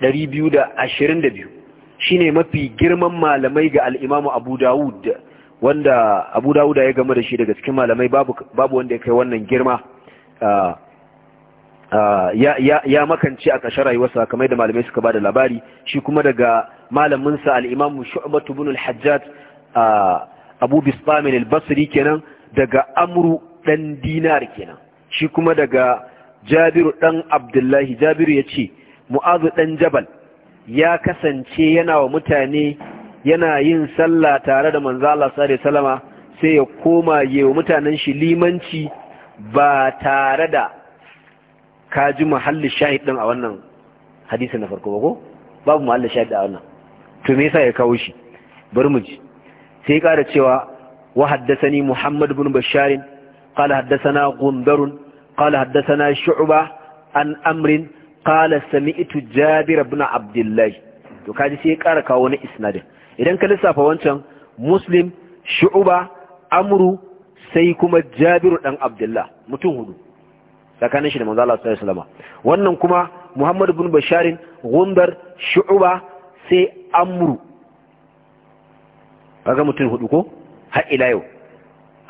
222 shine mafi girman malamai ga al'imamu abu dawud wanda abu dawud ya gama da shi daga cikin malamai babu wanda ya kai wannan girma ya makance a ƙashe rayuwarsa kamar da malamai suka ba da labari shi kuma daga malaminsa al'imamu shu'abatu bin al-hajjat abu bisbamin al-basri kenan daga amru ɗan dinar kenan shi kuma daga jabiru dan abdullahi jabiru ya ce mu'azu ɗan jabal ya kasance yana wa mutane yana yin sallah tare da manzo Allah sallallahu alaihi wasallama sai ya koma yewa mutanen shi limanci ba tare da kaji muhallin shahid din a wannan hadisi na farko ba ko babu muhallin shahid a wannan to me yasa ya kawo shi bari mu ji sai da cewa wa haddathani Muhammad ibn Bashar qala haddathana Gundar qala haddathana Shu'ba an Amr qala sami'tu jabir ibn abdullah to kaji sai ya kara kawo wani isnadin idan ka lissafa wancan muslim shu'uba amru sai kuma jabiru dan abdullah mutum hudu Sakanin shi da manzo Allah sallallahu alaihi wasallam wannan kuma muhammad ibn basharin gundar shu'uba sai amru kaga mutum hudu ko har ila yau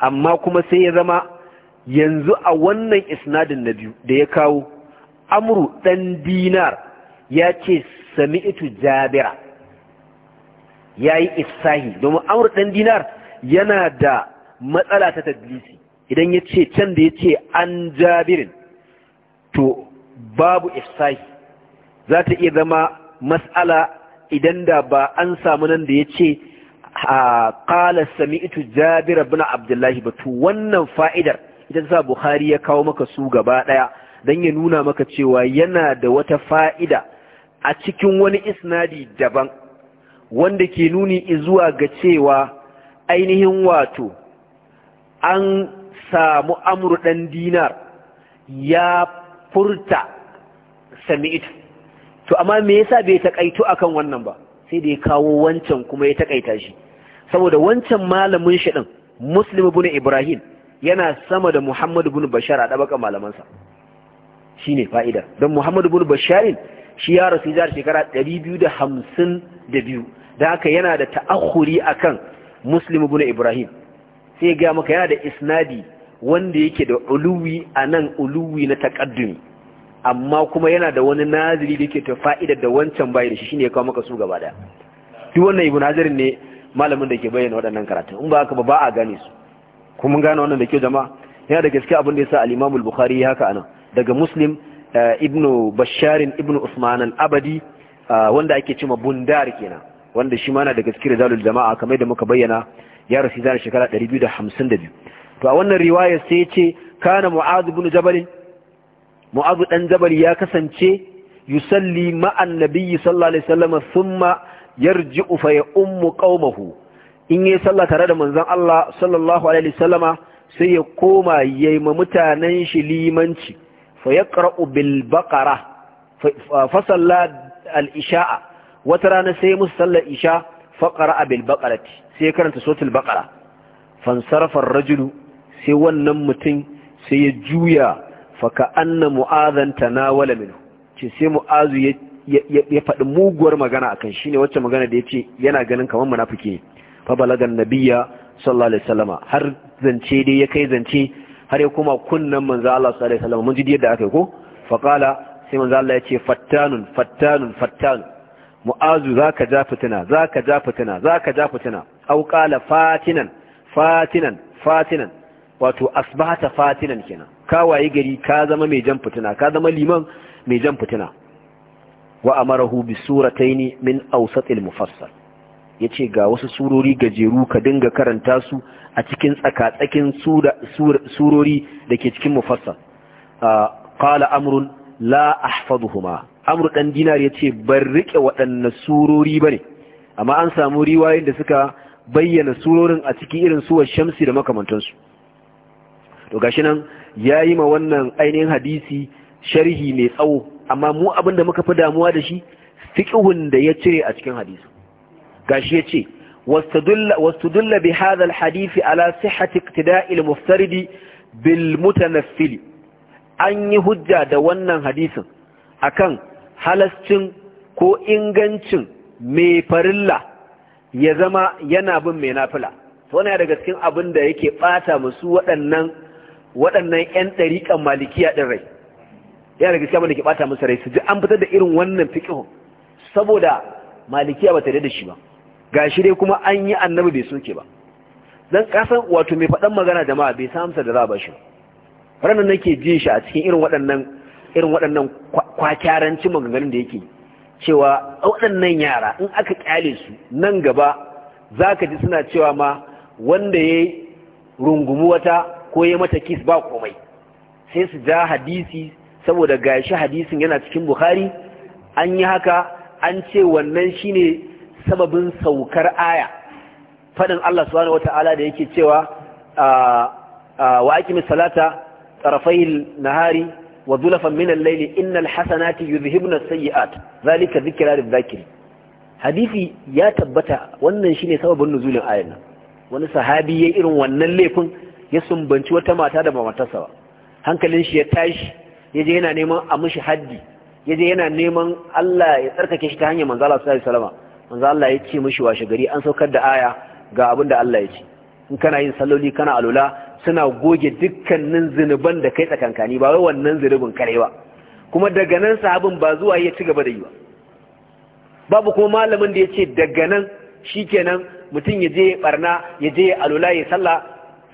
amma kuma sai ya zama yanzu a wannan isnadin na biyu da ya kawo amru dan dinar ya ce sami'tu jabira ya yi ifsahi domin amru dan dinar yana da matsala ta tadlisi idan ya ce can da ya ce an jabirin to babu ifsahi za ta iya zama matsala idan da ba an samu nan da ya ce ƙala sami'tu jabira bin abdullahi ba to wannan fa'idar idan za buhari ya kawo maka su gaba ɗaya don ya nuna maka cewa yana da wata fa'ida a cikin wani isnadi daban wanda ke nuni zuwa ga cewa ainihin wato an samu amurɗan dinar ya furta sami'it to amma me yasa bai taƙaito akan wannan ba sai da ya kawo wancan kuma ya taƙaita shi saboda wancan malamin shi ɗin muslim bin ibrahim yana sama da muhammadu bin bashar a ɗabakan malamansa Shi ne fa'ida don muhammadu bin basharin shi ya rasu jihar shekara ɗari 252 da da biyu haka yana da ta'akhuri akan muslim bin ibrahim sai ga maka yana da isnadi wanda yake da uluwi a nan uluwi na takaddumi amma kuma yana da wani naziri da yake ta fa'idar da wancan bayan shi shi ne ya kawo maka su gaba daya duk wannan ibn ne malamin da ke bayyana waɗannan karatu in ba ba a gane su kuma gane wannan da ke jama'a yana da gaske abin da ya sa al'imamul imamul bukhari haka anan daga muslim eh, ibnu basharin ibnu usman al-abadi eh, wanda ake cima bundar kenan wanda shi ma na daga cikin rijalul jama'a kamar da muka bayyana ya rasu zan shekara 252 to a wannan riwayar sai yace kana mu'adh ibn jabal mu'adh dan jabal ya kasance yusalli ma'an nabiyyi sallallahu alaihi wasallam thumma yarji'u fa ya'ummu qaumahu in yayi sallah tare da manzon Allah sallallahu alaihi wasallama sai ya koma yayi ma mutanen shi limanci fa yaqra'u bil baqara fa salla al isha'a wata rana sai musu sallar isha fa qara'a bil baqarati sai karanta suratul baqara fansarafa ar-rajulu sai wannan mutum sai ya juya fa ka anna mu'adhan tanawala minhu ce sai mu'azu ya ya faɗi muguwar magana akan shi ne wacce magana da ya ce yana ganin kamar munafiki ne fa balagan nabiyya sallallahu alaihi wasallama har zance dai ya kai zance har ya kuma kunnan manzo Allah sallallahu alaihi mun ji yadda aka yi ko faqala sai manzo Allah ya ce fattanun fattanun fattan mu'azu zaka ja fitina ka ja fitina ka ja fitina aw fatinan fatinan fatinan wato asbahata fatinan kenan ka waye gari ka zama mai jan fitina ka zama liman mai jan fitina wa amarahu bi surataini min awsatil mufassal ya ce ga wasu surori gajeru ka dinga karanta su a cikin tsakatsakin surori da ke cikin mufassal kala amurin la huma amru ɗan dinar ya ce ban riƙe waɗannan surori ba ne, amma an samu riwayen da suka bayyana surorin a cikin irin suwar shamsi da makamantansu to gashi nan ya yi ma wannan ainihin hadisi sharhi mai tsawo amma mu abinda muka fi damuwa da shi fiƙihun da ya cire a cikin hadisi gashi yace واستدل بهذا الحديث على صحة اقتداء المفترد بالمتنفل an yi hujja da wannan hadisin akan halascin ko ingancin mai farilla ya zama yana bin mai nafila wannan daga cikin abin da yake bata musu waɗannan waɗannan ƴan ɗariƙan malikiya ɗin rai yana daga cikin abin da ke bata musu rai su ji an fitar da irin wannan fiqh saboda malikiya ba ta da shi ba gashi dai kuma an yi annabi bai soke ba dan kasan wato mai faɗan magana jama'a bai samsa da za ba shi ranar nake ji shi a cikin irin waɗannan irin waɗannan kwakyarancin maganganun da yake cewa waɗannan yara in aka kyale su nan gaba za ka ji suna cewa ma wanda ya rungumi wata ko ya mata kis ba komai sai su ja hadisi saboda gashi hadisin yana cikin buhari an yi haka an ce wannan shine sababin saukar aya fadin Allah subhanahu wata'ala da yake cewa wa aqimi salata tarafai nahari wa zulafan min al-layli innal hasanati yuzhibna as-sayyi'at zalika dhikra lidh-dhakiri hadisi ya tabbata wannan shine sababin nuzulin ayan wani sahabi yayin irin wannan laifin ya sumbanci wata mata da matarsa ba hankalin shi ya tashi yaje yana neman a mushi haddi yaje yana neman Allah ya tsarkake shi ta hanyar manzo sallallahu alaihi wasallam manzo Allah ya ce mishi washe gari an saukar da aya ga abin da Allah ya ce in kana yin salloli kana alula suna goge dukkanin zinuban da kai tsakankani ba wai wannan zinubin kare ba kuma daga nan sahabin ba zuwa ya ci gaba da yi ba babu kuma malamin da ya ce daga nan shikenan mutum ya je barna ya je alula ya sallah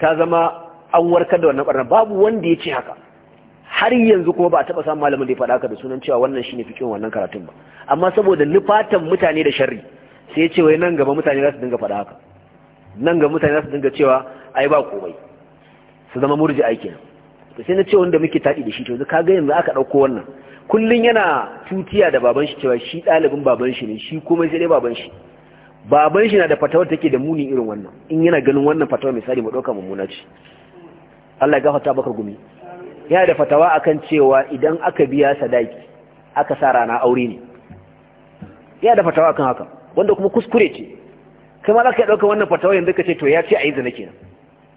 ta zama an warkar da wannan barna babu wanda ya ce haka har yanzu kuma ba a taba samun malamin da ya faɗa ka da sunan cewa wannan shine fikin wannan karatun ba amma saboda nufatan mutane da sharri sai ya ce wai nan gaba mutane za su dinga faɗa haka nan gaba mutane za su dinga cewa ai ba komai su zama murji aiki nan to sai na ce wanda muke taɗi da shi to ka ga yanzu aka ɗauko wannan kullun yana tutiya da baban shi cewa shi ɗalibin baban shi ne shi komai sai dai baban shi baban shi na da fatawar take da muni irin wannan in yana ganin wannan fatawar misali mu ɗauka mummuna ce Allah ya gafarta bakar gumi ya da fatawa akan cewa idan aka biya sadaki aka sa rana aure ne ya da fatawa akan haka wanda kuma kuskure ce kai ma za ka ɗauka wannan fatawa yanzu ka ce to ya ce a yi zina kenan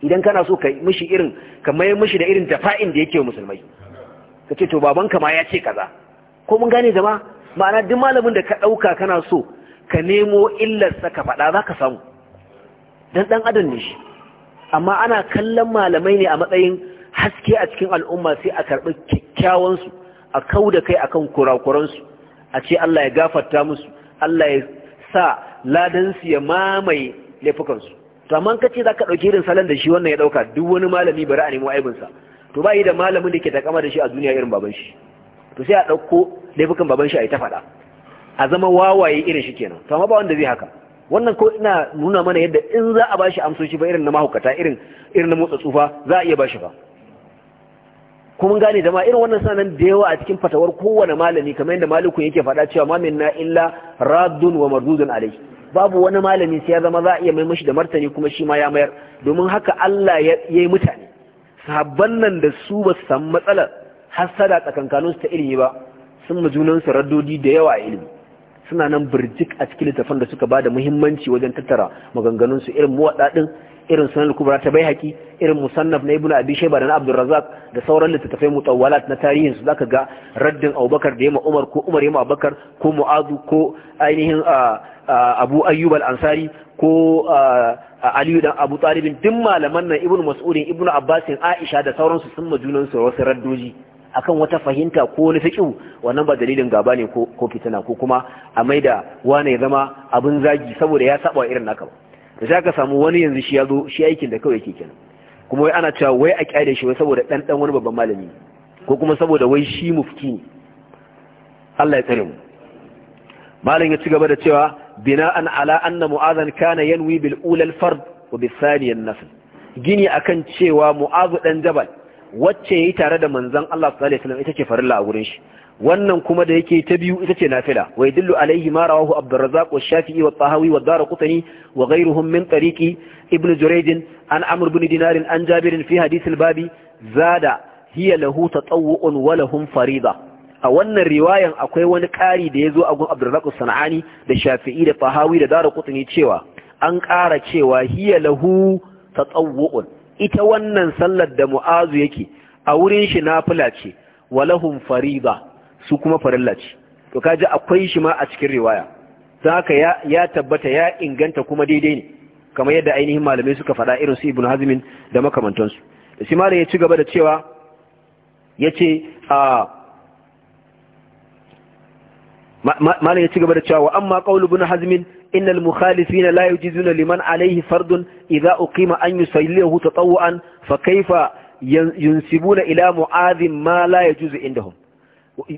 idan kana so ka mishi irin ka mai mishi da irin tafa'in da yake musulmai ka ce to babanka ma ya ce kaza ko mun gane zama ma'ana duk malamin da ka ɗauka kana so ka nemo illarsa ka faɗa za ka samu dan ɗan adam ne shi amma ana kallon malamai ne a matsayin haske a cikin al'umma sai a karɓi kyakkyawansu a kau da kai akan kurakuransu a ce Allah ya gafarta musu Allah ya sa ladansu ya mamaye laifukansu to amma kace ka ɗauki irin salon da shi wannan ya dauka duk wani malami bari a nemo aibin sa to bai da malamin da ke takama da shi a duniya irin baban shi to sai a dauko laifukan baban shi a yi ta fada a zama wawaye irin shi kenan to amma ba wanda zai haka wannan ko ina nuna mana yadda in za a bashi amsoshi ba irin na mahaukata irin irin na motsa tsufa za a iya bashi ba kuma gane da ma irin wannan sanan da yawa a cikin fatawar kowane malami kamar yadda malikun yake faɗa cewa ma minna illa raddun wa mardudun alai babu wani malami sai ya zama za a iya mai mashi da martani kuma shi ma ya mayar domin haka Allah ya yi mutane sahabban nan da su ba su samu matsalar hasada tsakankanin su ta ilimi ba sun mu junan su raddodi da yawa a ilimi suna nan birjik a cikin littafin da suka bada muhimmanci wajen tattara maganganun su irin muwaɗaɗin. irin sunan kubra ta baihaqi irin musannaf na ibnu abi shayba da na abdul razzaq da sauran littattafai mutawalat na tarihin su zaka ga raddin abubakar da yamma umar ko umar yamma abubakar ko mu'adu ko ainihin abu ayyub al-ansari ko aliyu dan abu talibin duk malaman nan ibnu mas'udin ibnu abbasin aisha da sauransu sun majunan su wasu raddoji akan wata fahimta ko wani fiƙiu wannan ba dalilin gaba ne ko fitina ko kuma a maida wane ya zama abin zagi saboda ya saba irin naka ba da za ka samu wani yanzu shi ya zo shi aikin da kawai keken. kenan kuma wai ana cewa wai a kyale shi wai saboda ɗan ɗan wani babban malami ko kuma saboda wai shi mufti ne Allah ya tsare mu malam ya ci gaba da cewa bina an ala anna mu'azan kana yanwi bil ulal fard wa bis thaniyan nafl gini akan cewa mu'azu ɗan jabal wacce yayi tare da manzon Allah sallallahu alaihi wasallam ita ce farilla a wurin shi wannan kuma da yake ta biyu ita ce nafila wa yadullu alaihi ma rawahu abdurrazzaq wa shafi'i wa tahawi wa darqutni wa ghayruhum min tariqi ibn jurayd an amr ibn dinar an jabir fi hadith al-babi zada hiya lahu tatawwu'un wa lahum farida a wannan riwayan akwai wani ƙari da yazo a gun abdurrazzaq sanani da shafi'i da tahawi da darqutni cewa an ƙara cewa hiya lahu tatawwu'un ita wannan sallar da mu'azu yake a wurin shi nafila ce wa lahum farida su kuma farilla ce to kaji akwai shi ma a cikin riwaya don haka ya tabbata ya inganta kuma daidai ne kamar yadda ainihin malamai suka faɗa irin su ibn hazmin da makamantansu sai malam ya ci gaba da cewa yace a malam ya ci gaba da cewa wa amma qawlu ibn hazmin an المخالفين لا يجيزون لمن عليه فرض إذا أقيم أن يسيله تطوعا فكيف ينسبون إلى معاذ ما لا يجوز عندهم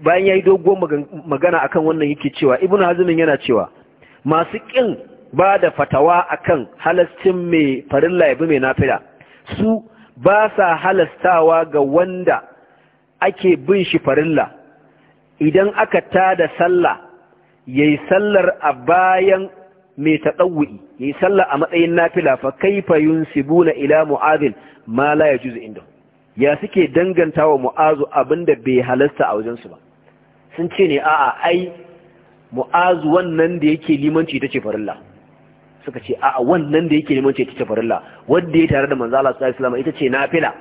bayan ya yi doguwar magana akan wannan yake cewa ibnu hazmin yana cewa masu ƙin ba da fatawa akan halastin mai farilla yabi mai nafila su ba sa halastawa ga wanda ake bin shi farilla idan aka tada sallah ya yi sallar a bayan mai taɗawu'i yi sallar a matsayin nafila fa kaifa yunsibuna ila mu'adil ma la juzu indon ya suke danganta wa mu'azu abinda bai halasta a wajensu ba sun ce ne a'a ai mu'azu wannan da yake limanci ita ce farilla suka ce a'a wannan da yake limanci ita ce farilla wanda ya tare da manzo Allah sallallahu alaihi wasallam ita ce nafila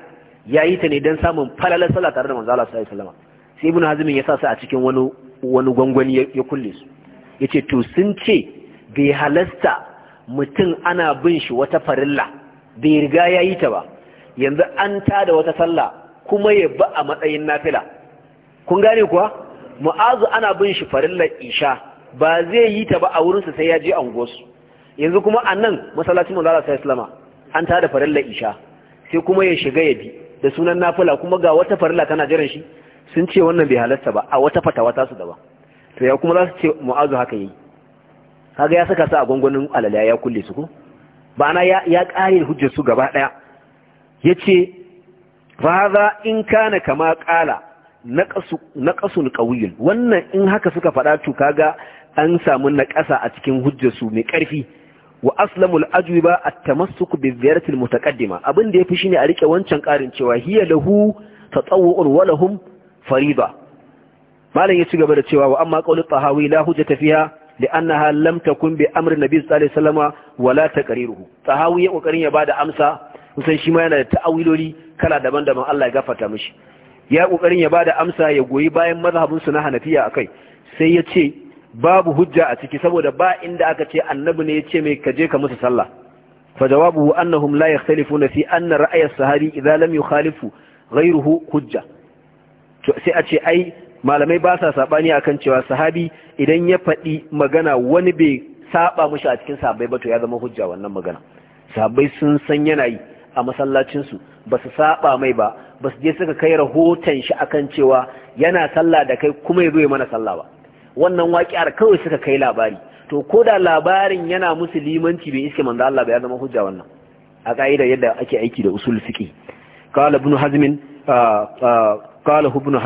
yayi ta ne dan samun falalar sallah tare da manzo Allah sallallahu alaihi wasallam sai ibnu hazim ya sa su a cikin wani wani gwangwani ya kulle su yace to sun ce bai halasta mutum ana bin shi wata farilla bai riga yayi ta ba yanzu an tada wata sallah kuma ya ba a matsayin nafila kun gane kuwa mu'azu ana bin shi farillar isha ba zai yi ta ba a wurinsa sai ya je gosu. yanzu kuma a nan masallacin manzala sai islama an tada farillar isha sai kuma ya shiga ya bi da sunan nafila kuma ga wata farilla tana jiran shi sun ce wannan bai halarta ba a wata fatawa ta su daba to ya kuma za su ce mu'azu haka yi kaga ya saka su a gwangwanin alala ya kulle su ko ba na ya kare hujjar su gaba ɗaya. Ya fa hadha in kana kama na ƙasun qawiyyun wannan in haka suka faɗa to ga an samu ƙasa a cikin hujjarsu mai karfi wa aslamul a at-tamassuk bi ziyarati mutaqaddima abin da yafi shine a rike wancan karin cewa hiya lahu tatawwu'un wa lahum fariba malam ya ci gaba da cewa wa amma qawlu tahawi la hujjata fiha li'annaha lam takun bi amri nabi sallallahu alaihi wasallama wala taqriruhu tahawi ya kokarin ya bada amsa kusan shi ma yana da ta'awiloli kala daban-daban Allah ya gafarta mishi ya kokarin ya bada amsa ya goyi bayan mazhabin su na Hanafiya akai sai ya ce babu hujja a ciki saboda ba inda aka ce annabi ne ya ce mai kaje ka musu sallah fa jawabuhu annahum la yakhtalifuna fi anna ra'ayar sahabi idza lam yukhalifu ghayruhu hujja to sai a ce ai malamai ba sa sabani akan cewa sahabi idan ya faɗi magana wani bai saba mushi a cikin sahabbai ba to ya zama hujja wannan magana sahabbai sun san yana yi a masallacinsu ba su saba mai ba ba su je suka kai rahoton shi akan cewa yana sallah da kai kuma ya zo mana sallah ba wannan waƙiyar kawai suka kai labari to ko da labarin yana musulmanci bai iske manzo Allah ba ya zama hujja wannan a ka'ida yadda ake aiki da usul fiqi qala ibn hazm قال ابن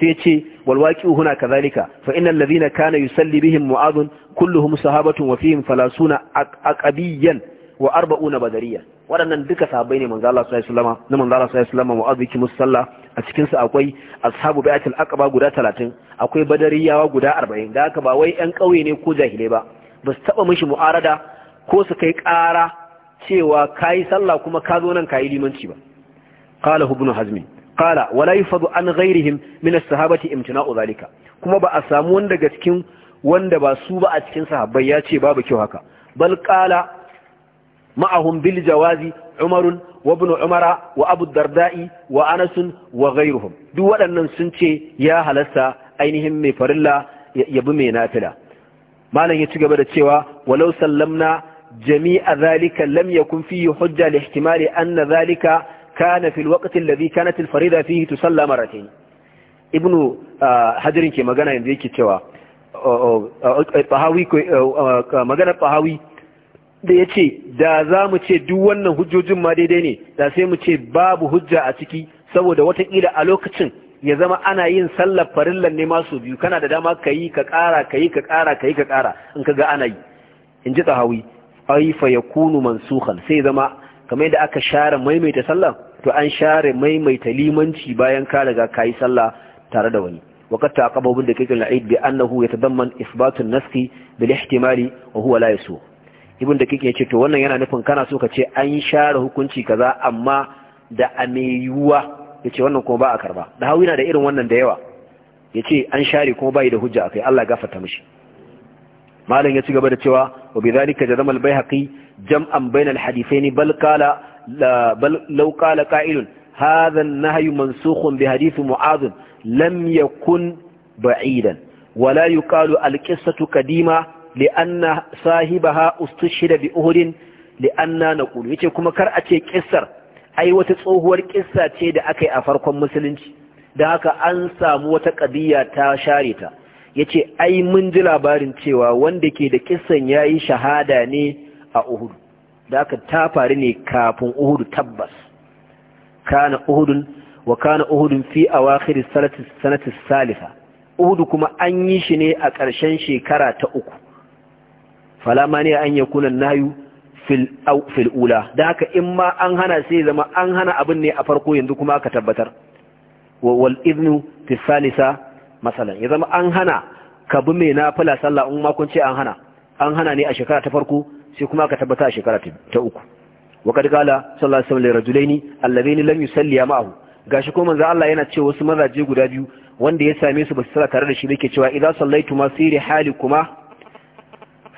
سيتي والواقع هنا كذلك فإن الذين كان يسلي بهم معاذ كلهم صحابة وفيهم فلاسون أقبيا وأربعون بدريا waɗannan duka sahabbai ne manzo Allah sallallahu alaihi wasallam na manzo Allah sallallahu alaihi wasallam mu'adhiki musalla a cikin su akwai ashabu bai'atul aqaba guda 30 akwai badariyawa guda 40 da haka ba wai ƴan ƙauye ne ko jahilai ba ba su taba mishi mu'arada ko su kai ƙara cewa kayi sallah kuma ka zo nan kayi limanci ba qala ibn hazm qala wala yufadu an ghairihim min as-sahabati imtina'u zalika kuma ba a samu wanda daga cikin wanda ba su ba a cikin sahabbai ya ce babu kyau haka bal qala ma'ahum bil jawazi umarun wa ibn umara wa abu dardai wa anas wa ghayruhum duk waɗannan sun ce ya halasta ainihin mai farilla ya bi mai nafila malam ya ci gaba da cewa walau sallamna jami'a zalika lam yakun fihi hujja li ihtimali anna zalika kana fil waqti alladhi kanat al farida fihi tusalla marratayn ibnu uh, hadirin ke magana yanzu yake cewa uh, uh, maganar bahawi da ya ce da za mu ce duk wannan hujjojin ma daidai ne da sai mu ce babu hujja a ciki saboda watakila a lokacin ya zama ana yin sallar farillan ne masu biyu kana da dama ka yi ka ƙara ka yi ka ƙara ka yi ka ƙara in ka ga ana yi in ji tsahawi ai fa ya kunu mansuhan sai zama kamar yadda aka share maimaita sallah to an share maimaita limanci bayan ka riga ka yi sallah tare da wani وقد تعقبه بالدقيق العيد بأنه يتضمن إثبات النسخ بالاحتمال وهو لا يسوق ibn da kike ce to wannan yana nufin kana so ka ce an share hukunci kaza amma da ameyuwa yace wannan kuma ba a karba da hawi na da irin wannan da yawa yace an share kuma bai da hujja akai Allah gafarta mishi malam ya ci gaba da cewa wa bidhalika jazama al-baihaqi jam'an bayna al-hadithain bal qala bal law qala qa'ilun hadha an-nahy mansukhun bi hadith mu'adh lam yakun ba'idan ولا يقال القصة قديمة li'anna sahibaha ustushhida bi uhudin li'anna naqulu yace kuma kar a ce kissar ai wata tsohuwar kissa ce da aka yi a farkon musulunci da haka an samu wata kabiya ta share ta yace ai mun ji labarin cewa wanda ke da kissan yayi shahada ne a Uhudu? da haka ta faru ne kafin Uhudu tabbas kana uhudun wa kana uhudun fi awakhir sanati sanati Salisa. uhud kuma an yi shi ne a ƙarshen shekara ta uku fala ne an yakuna kunan fil aw fil ula da haka in ma an hana sai zama an hana abin ne a farko yanzu kuma aka tabbatar wal idnu fi salisa masalan ya zama an hana ka bi na nafila sallah in ma kun ce an hana an hana ne a shekara ta farko sai kuma aka tabbata a shekara ta uku wa kad qala sallallahu alaihi wasallam lirajulaini allazaini lam yusalliya ma'ahu gashi ko manzo Allah yana cewa wasu mazaje guda biyu wanda ya same su ba su salla tare da shi yake cewa idza sallaitu ma siri halikuma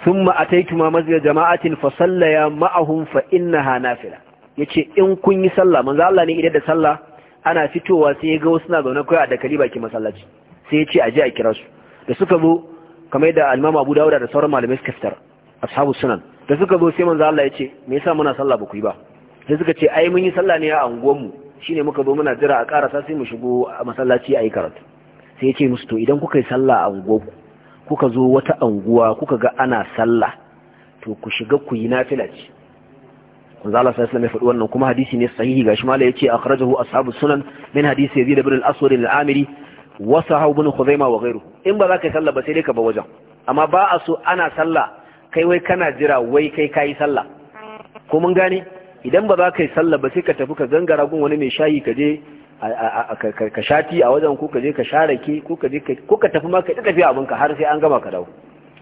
thumma ataituma masjid jama'atin fa sallaya ma'ahum fa innaha nafila yace in kun yi sallah manzo Allah ne idan da sallah ana fitowa sai ya ga wasu na zaune kai a dakali baki masallaci sai ya ce aje a kira su da suka zo kamar da al-Imam Abu Dawud da sauran malamai suka fitar ashabu sunan da suka zo sai manzo Allah ya ce me yasa muna sallah ba ku yi ba sai suka ce ai mun yi sallah ne a unguwar mu shine muka zo muna jira a karasa sai mu shigo a masallaci ayi karatu sai ya ce musu to idan kuka yi sallah a unguwarku. ku kuka zo wata anguwa kuka ga ana sallah to ku shiga ku yi nafila ce manzo Allah sallama ya faɗi wannan kuma hadisi ne sahihi gashi mala yace akhrajahu ashabu sunan min hadisi Yazid ibn al-Aswad al-Amiri wa sahabu ibn Khuzaimah wa ghayruhu in ba za ka yi sallah ba sai dai ka ba wajen amma ba a so ana sallah kai wai kana jira wai kai kayi sallah ko mun gane idan ba za ka yi sallah ba sai ka tafi ka gangara gun wani mai shayi ka je ka shati a wajen ko ka je ka share ke ko ka je ko ka tafi ma ka tafi abin ka har sai an gama ka dawo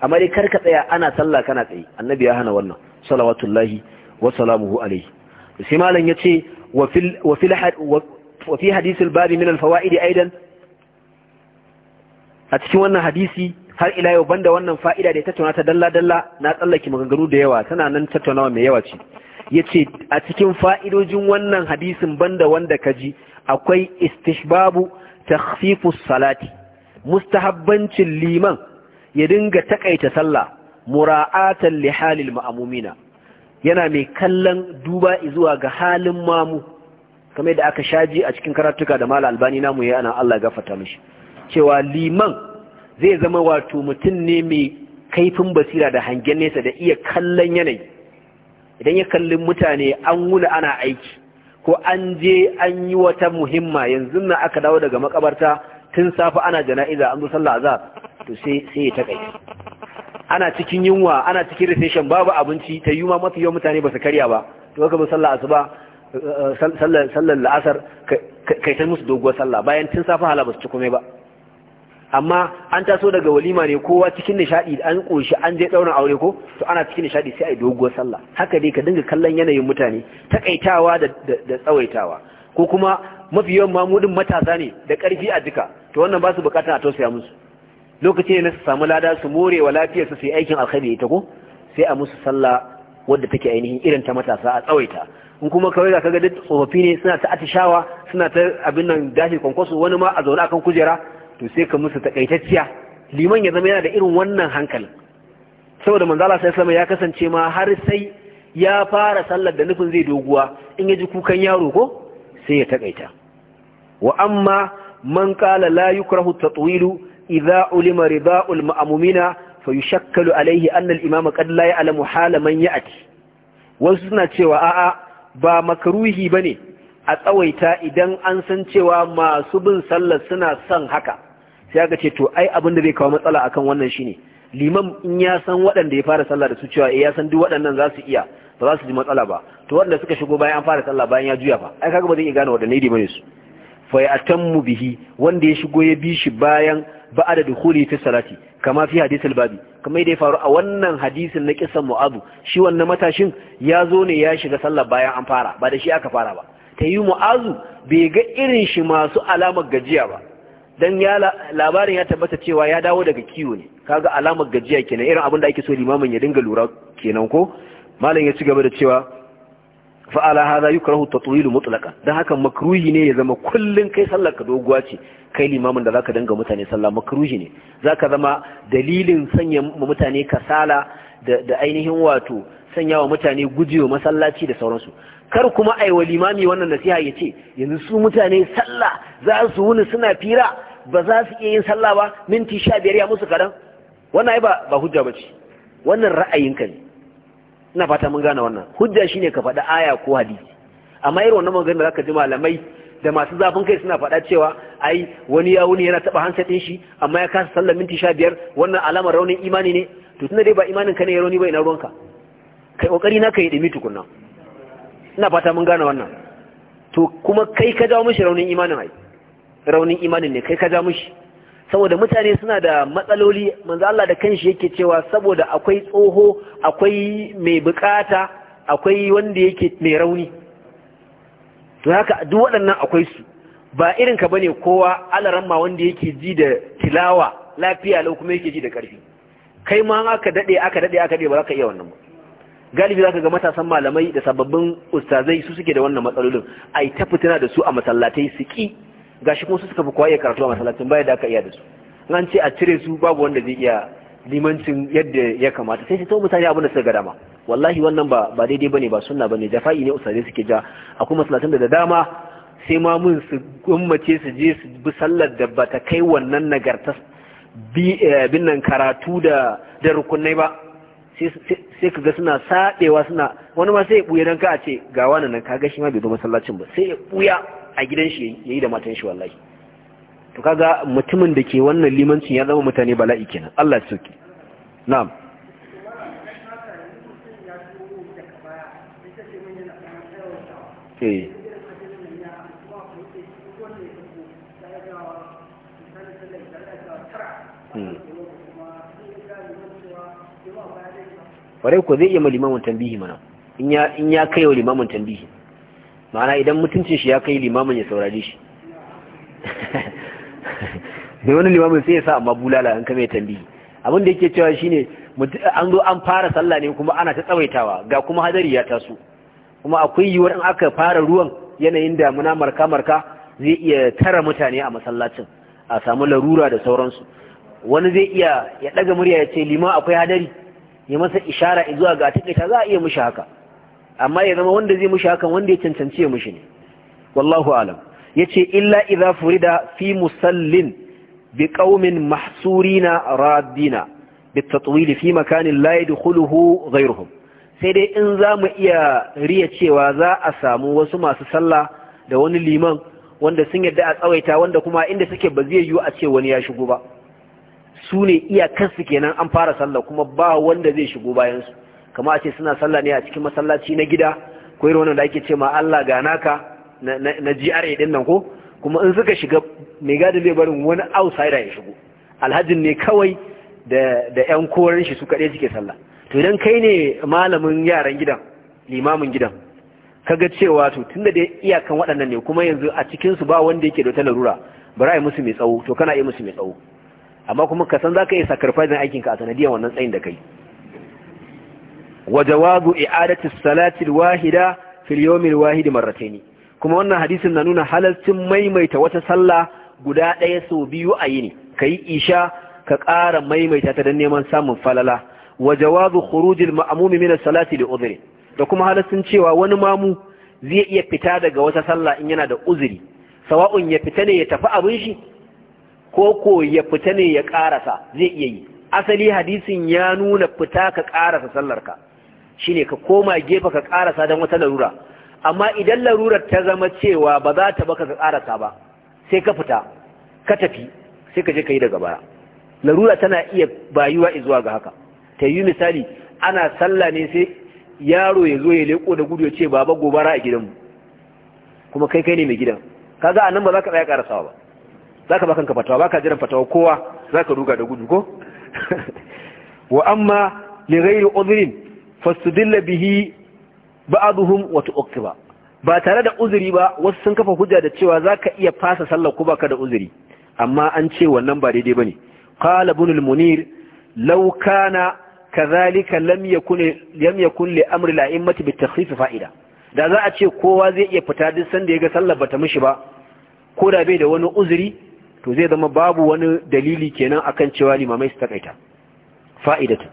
amma dai kar ka tsaya ana sallah kana tsaye annabi ya hana wannan salawatullahi wa salamuhu alayhi sai malam yace wa fil wa fil wa fi hadith al-bab min al-fawaid aidan a cikin wannan hadisi har ila yau banda wannan fa'ida da ta tattauna ta dalla dalla na tsallake maganganu da yawa tana nan tattaunawa mai yawa ce yace a cikin fa'idojin wannan hadisin banda wanda ka ji akwai istishbabu takhfifus salati mustahabbancin liman ya dinga takaita sallah mura'atan li halil ma'amumina yana mai kallon duba zuwa ga halin mamu kamar da aka shaji a cikin karatuka da mala albani namu ya ana Allah gafarta mishi cewa liman zai zama wato mutum ne mai kaifin basira da hangen nesa da iya kallon yanayi idan ya kalli mutane an wuni ana aiki ko an je an yi wata muhimma yanzu na aka dawo daga makabarta tun safe ana jana'iza an zo sallah azhar to sai sai ya takai ana cikin yunwa ana cikin recession babu abinci ta yuma mafi yawan mutane ba su karya ba to kaga sallah asuba eh, eh, sallar la'asar kai ta musu doguwar sallah bayan tun safe hala ba su ci komai ba amma an taso daga walima ne kowa cikin nishadi an koshi an je daurin aure ko to ana cikin nishadi sai a doguwar sallah haka dai ka dinga kallon yanayin mutane takaitawa da da tsawaitawa ko kuma mafi yawan mamudin matasa ne da karfi a jika to wannan ba su bukatar a tausaya musu lokaci ne na su samu lada su more wa lafiyar su sai aikin alkhairi ta ko sai a musu sallah wadda take ainihin irin ta matasa a tsawaita in kuma kawai ga kaga duk tsofaffi ne suna ta atishawa suna ta abin nan dashi kwankwaso wani ma a zaune akan kujera to sai ka musu takaitacciya liman ya zama yana da irin wannan hankali saboda manzala sai sama ya kasance ma har sai ya fara sallar da nufin zai doguwa in ya ji kukan yaro ko sai ya takaita wa amma man qala la yukrahu tatwilu idza ulima rida'ul ma'mumina fayushakkalu alayhi anna al-imam qad la ya'lamu hala man ya'ti wasu suna cewa a'a ba makruhi bane a tsawaita idan an san cewa masu bin sallar suna son haka sai aka ce to ai abin da zai kawo matsala akan wannan shine liman in ya san waɗanda ya fara sallah da su cewa eh, ya san duk waɗannan za su iya ba za su ji matsala ba to waɗanda suka shigo bayan an fara sallah bayan ya juya fa ai kaga ba zai iya gane waɗanne liman su fa ya atammu bihi wanda ya shigo ya bi shi bayan ba da dukhuli fi salati kama fi hadith al-babi kamar da ya faru a wannan hadisin na kisan mu'adu shi wannan matashin ya zo ne ya shiga sallah bayan an fara ba da shi aka fara ba ta yi mu'azu bai ga irin shi masu alamar gajiya ba dan ya labarin ya tabbata cewa ya dawo daga kiwo ne kaga alamar gajiya kenan irin abin da ake so limamin ya dinga lura kenan ko malam ya ci gaba da cewa fa ala hada yukrahu tatwil mutlaqan dan haka makruhi ne ya zama kullun kai sallar ka doguwa ce kai limamin da zaka dinga mutane sallah makruhi ne zaka zama dalilin sanya mutane kasala da da ainihin wato sanya wa mutane gujewa masallaci da sauransu kar kuma aiwa limami wannan nasiha ya ce yanzu su mutane sallah za su wuni suna fira ba za su iya yin sallah ba minti sha biyar ya musu kaɗan wannan ai ba hujja ba ce wannan ra'ayinka ne ina fata mun gane wannan hujja shine ka faɗi aya ko hadisi amma irin wannan maganar ka ji malamai da masu zafin kai suna faɗa cewa ai wani ya wuni yana taɓa hansa ɗin shi amma ya kasa sallar minti sha biyar wannan alamar raunin imani ne to tunda dai ba imanin ka ne ya rauni ba ina ruwanka kai kokari na kai dimi tukunna ina fata mun gane wannan to kuma kai ka jawo mishi raunin imanin ai raunin imanin ne kai ka ja mushi saboda mutane suna da matsaloli manzo Allah da kanshi yake cewa saboda akwai tsoho akwai mai bukata akwai wanda yake mai rauni to haka duk waɗannan akwai su ba irin ka bane kowa alaran ma wanda yake ji da tilawa lafiya lau kuma yake ji da ƙarfi kai ma aka dade aka dade aka dade ba za ka iya wannan ba galibi za ka ga matasan malamai da sababbin ustazai su suke da wannan matsalolin ai ta fitina da su a masallatai su ki shi kuma su suka fi kowa iya karatu a masallacin baya da aka iya da su an ce a cire su babu wanda zai iya limancin yadda ya kamata sai to mutane abin da suka ga dama wallahi wannan ba ba daidai bane ba sunna bane jafa'i ne usare suke ja akwai masallacin da da dama sai ma mun su gummace su je su bi sallar da ba ta kai wannan nagarta eh, bin nan karatu da da rukunai ba sai ka ga suna sadewa suna wani ma sai ya ɓuya don ka a ce ga wani nan ka ga shi ma bai zo masallacin ba sai ya ɓuya. a gidan shi yi da matan shi wallahi to kaga mutumin da ke wannan limancin ya zama mutane bala'i kenan Allah ya soke na'am eh hmm. Ware ku zai iya ma limamin tambihi mana in ya kai wa limamun tambihi ma'ana idan mutuncin shi ya kai limamin ya saurari shi da wani limamin sai ya sa amma bulala an kame tambihi abin da yake cewa shine an zo an fara sallah ne kuma ana ta tsawaitawa ga kuma hadari ya taso kuma akwai yiwuwar in aka fara ruwan yanayin da damuna marka marka zai iya tara mutane a masallacin a samu larura da sauransu wani zai iya ya daga murya ya ce lima akwai hadari ya masa ishara zuwa ga za a iya mushi haka amma ya zama wanda zai mushi hakan wanda ya cancanci ya mushi ne wallahu alam ce illa idza furida fi musallin bi qaumin mahsurina radina bi tatwil fi makanin la yadkhuluhu ghayruhum sai dai in zamu iya riya cewa za a samu wasu masu sallah da wani liman wanda sun yadda a tsawaita wanda kuma inda suke ba zai yiwu a ce wani ya shigo ba su ne iyakansu kenan an fara sallah kuma ba wanda zai shigo bayansu kama a ce suna sallah ne a cikin masallaci na gida ko irin wannan da ake ce ma Allah ga naka na GRA din nan ko kuma in suka shiga mai gadin zai barin wani outsider ya shigo Alhaji ne kawai da da ƴan koran shi su kaɗai suke sallah to idan kai ne malamin yaran gidan limamin gidan kaga cewa to tunda da iyakan waɗannan ne kuma yanzu a cikin su ba wanda yake da ta larura bara yi musu mai tsawo to kana yi musu mai tsawo amma kuma ka san zaka yi sacrifice aikin ka a sanadiyar wannan tsayin da kai wa jawazu i'adati salati wahida fil yawm alwahid marratayn kuma wannan hadisin na nuna halalcin maimaita wata sallah guda ɗaya sau biyu a yini kai isha ka ƙara maimaita ta don neman samun falala wa jawazu khurujil ma'mumi min as-salati da udhri da kuma halalcin cewa wani mamu zai iya fita daga wata sallah in yana da uzuri sawa'un ya fita ne ya tafi abin shi ko ko ya fita ne ya ƙarasa zai iya yi asali hadisin ya nuna fita ka ƙarasa sallarka shine ka koma gefe ka karasa don wata larura amma idan larurar ta zama cewa ba za ta baka ka karasa ba sai ka fita ka tafi sai ka je ka yi daga baya larura tana iya bayuwa zuwa ga haka ta yi misali ana sallah ne sai yaro ya zo ya leko da gudu ya ce baba gobara a gidanmu kuma kai kai ne mai gidan a nan ba za ka tsaya karasawa ba za ka bakan ka fatawa ba ka jiran fatawa kowa za ka ruga da gudu ko [laughs] wa amma li ghairi udhrin fastudilla bihi ba'aduhum wa tuqtiba ba tare da uzuri ba wasu sun kafa hujja da cewa za ka iya fasa sallar ko ka da uzuri amma an ce wannan ba daidai bane qala ibn al-munir law kana kadhalika lam yakun lam yakun li amri al bi takhfif fa'ida da za a ce kowa zai iya fita duk sanda ga sallar ba ta mishi ba ko da bai da wani uzuri to zai zama babu wani dalili kenan akan cewa limamai su takaita fa'idatu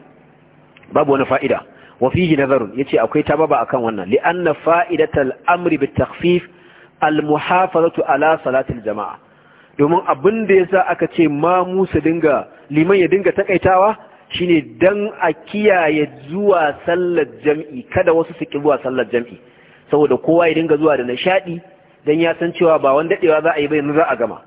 babu wani fa'ida wa fihi ya ce akwai tababa akan wannan li anna fa'idatal amri bit takhfif al muhafazatu ala salatil jama'a domin abin da yasa aka ce ma musu dinga liman ya dinga takaitawa shine dan a kiyaye zuwa sallar jam'i kada wasu su ki zuwa sallar jam'i saboda kowa ya dinga zuwa da nishadi dan ya san cewa ba wanda dadewa za a yi bai za a gama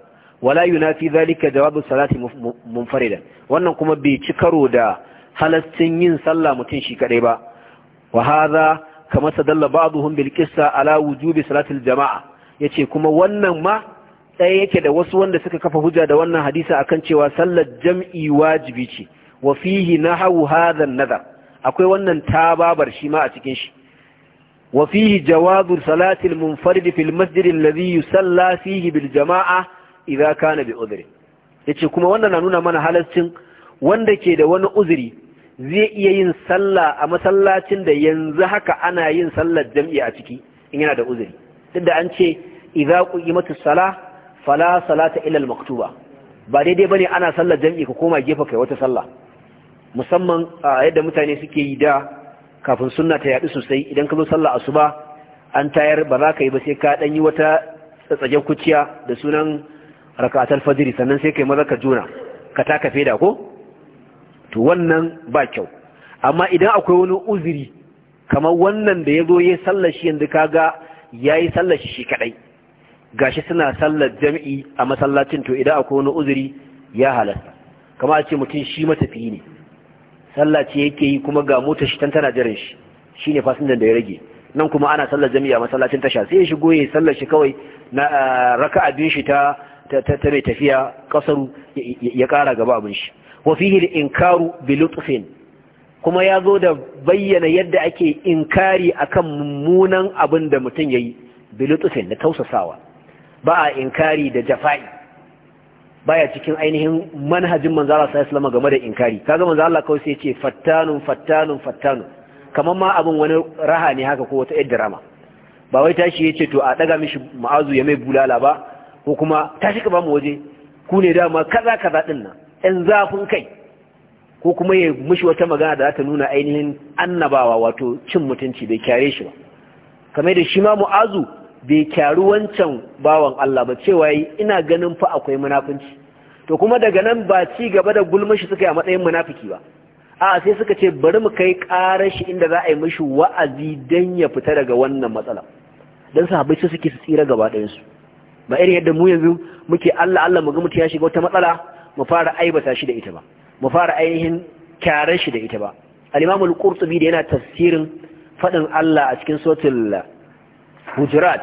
wala yunafi zalika jawabu salati munfaridan wannan kuma bai ci karo da halastin yin sallah mutum shi kadai ba wa hadha kama sadalla ba'dhum bil qissa ala wujubi salatil jama'a yace kuma wannan ma tsaye yake da wasu wanda suka kafa hujja da wannan hadisi akan cewa sallar jam'i wajibi ce wa fihi hau hadha an-nadar akwai wannan tababar shi ma a cikin shi wa fihi jawazu salatil munfarid fil masjid alladhi yusalla fihi bil jama'a idza kana bi udhri yace kuma wannan na nuna mana halaccin wanda ke da wani uzuri zai iya yin sallah a masallacin da yanzu haka ana yin sallar jam'i a ciki in yana da uzuri duk da an ce idza qimatu sala fala salata illa al-maktuba ba daidai bane ana sallar jam'i ka koma gefe kai wata sallah musamman yadda mutane suke yi da kafin sunna ta yadu sosai idan ka zo sallar asuba an tayar ba za ka yi ba sai ka dan yi wata tsatsage kuciya da sunan raka'atul fajr sannan sai kai maza ka juna ka taka feda ko to wannan ba kyau amma idan akwai wani uzuri kamar wannan da ya zo ya sallashi yanzu kaga ya yi sallashi shi kadai, kaɗai gashi suna sallar jam'i a masallacin to idan akwai wani uzuri ya halasta kama a ce mutum shi matafi ne Sallace yake yi kuma ga mota shi tana jiran shi shi ne fasinjan da ya rage nan kuma ana sallar jami'a masallacin tasha sai ya shigo ya sallar shi kawai na eh, raka biyu shi ta ta mai tafiya kasaru ya kara gaba abin shi wa fihi al-inkaru bi lutfin kuma ya zo da bayyana yadda ake inkari akan mummunan abin da mutum yayi bi lutfin da tausasawa ba a inkari da jafa'i baya cikin ainihin manhajin manzo Allah sallallahu alaihi game da inkari kaga manzo Allah kawai sai ya ce fattanun fattanun fattanun kamar ma abin wani raha ne haka ko wata da rama ba wai tashi ya ce to a daga mishi ma'azu ya mai bulala ba ko kuma tashi ka ba mu waje ku ne dama kaza kaza dinnan? 'yan zafin kai ko kuma ya mushi wata magana da za ta nuna ainihin annabawa wato cin mutunci bai kyare shi ba kamar da shi ma mu'azu bai kyaru wancan bawan Allah ba cewa yi ina ganin fa akwai munafunci to kuma daga nan ba ci gaba da gulma shi suka yi a matsayin munafiki ba a sai suka ce bari mu kai ƙara shi inda za a yi mishi wa'azi don ya fita daga wannan matsala don sa su suke su tsira gaba ɗayansu ba irin yadda mu yanzu muke Allah Allah mu ga mutum ya shiga wata matsala mu fara aibata shi da ita ba mu fara ainihin kyaran shi da ita ba al-imam al-qurtubi da yana tafsirin fadin Allah a cikin suratul hujurat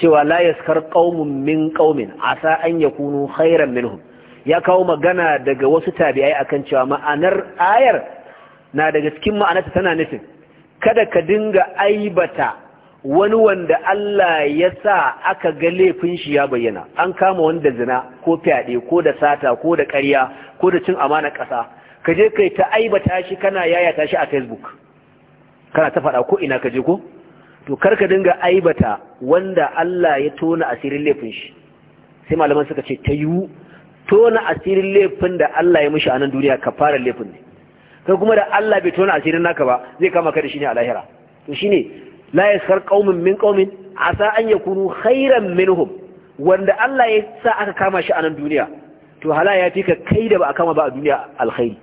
cewa la yaskar qaumun min qaumin asa an yakunu khairan minhum ya kawo magana daga wasu tabi'ai akan cewa ma'anar ayar na daga cikin ma'anarta tana nufin kada ka dinga aibata wani wanda Allah ya sa aka ga laifin shi ya bayyana an kama wanda zina ko fyaɗe ko da sata ko da ƙarya ko da cin amana ƙasa ka je kai ta aibata shi kana yayata shi a facebook kana ta faɗa ko ina ka je ko to kar ka dinga aibata wanda Allah ya tona asirin laifin shi sai malaman suka ce ta yiwu tona asirin laifin da Allah ya mishi a nan duniya ka fara laifin ne kai kuma da Allah bai tona asirin naka ba zai kama ka da shi ne a lahira to shine لا yaskhar قوم min قوم عسى an يكونوا خيرا منهم wanda Allah ya sa aka kama shi a nan duniya to hala ya fi ka kai da ba a kama ba a duniya alkhairi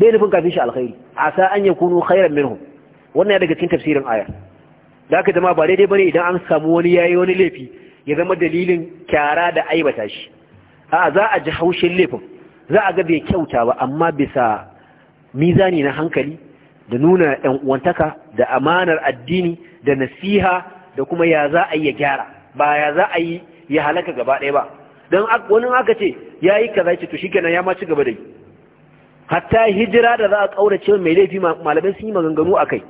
dai nufin kafin shi alkhairi asa an yakunu khairan minhum wannan ya daga cikin tafsirin aya da ka jama ba daidai bane idan an samu wani yayi wani laifi ya zama dalilin kyara da aibata shi a za a ji haushin laifin za a ga bai kyauta ba amma bisa mizani na hankali da nuna ‘yan uwantaka da amanar addini da nasiha da kuma ya za a yi ya gyara ba ya za a yi ya halaka gaba ɗaya ba don wani aka ce ya yi kaza ce to kenan ya ma gaba da yi hatta hijira da za a ƙaurace mai laifi malamai sun yi maganganu a kai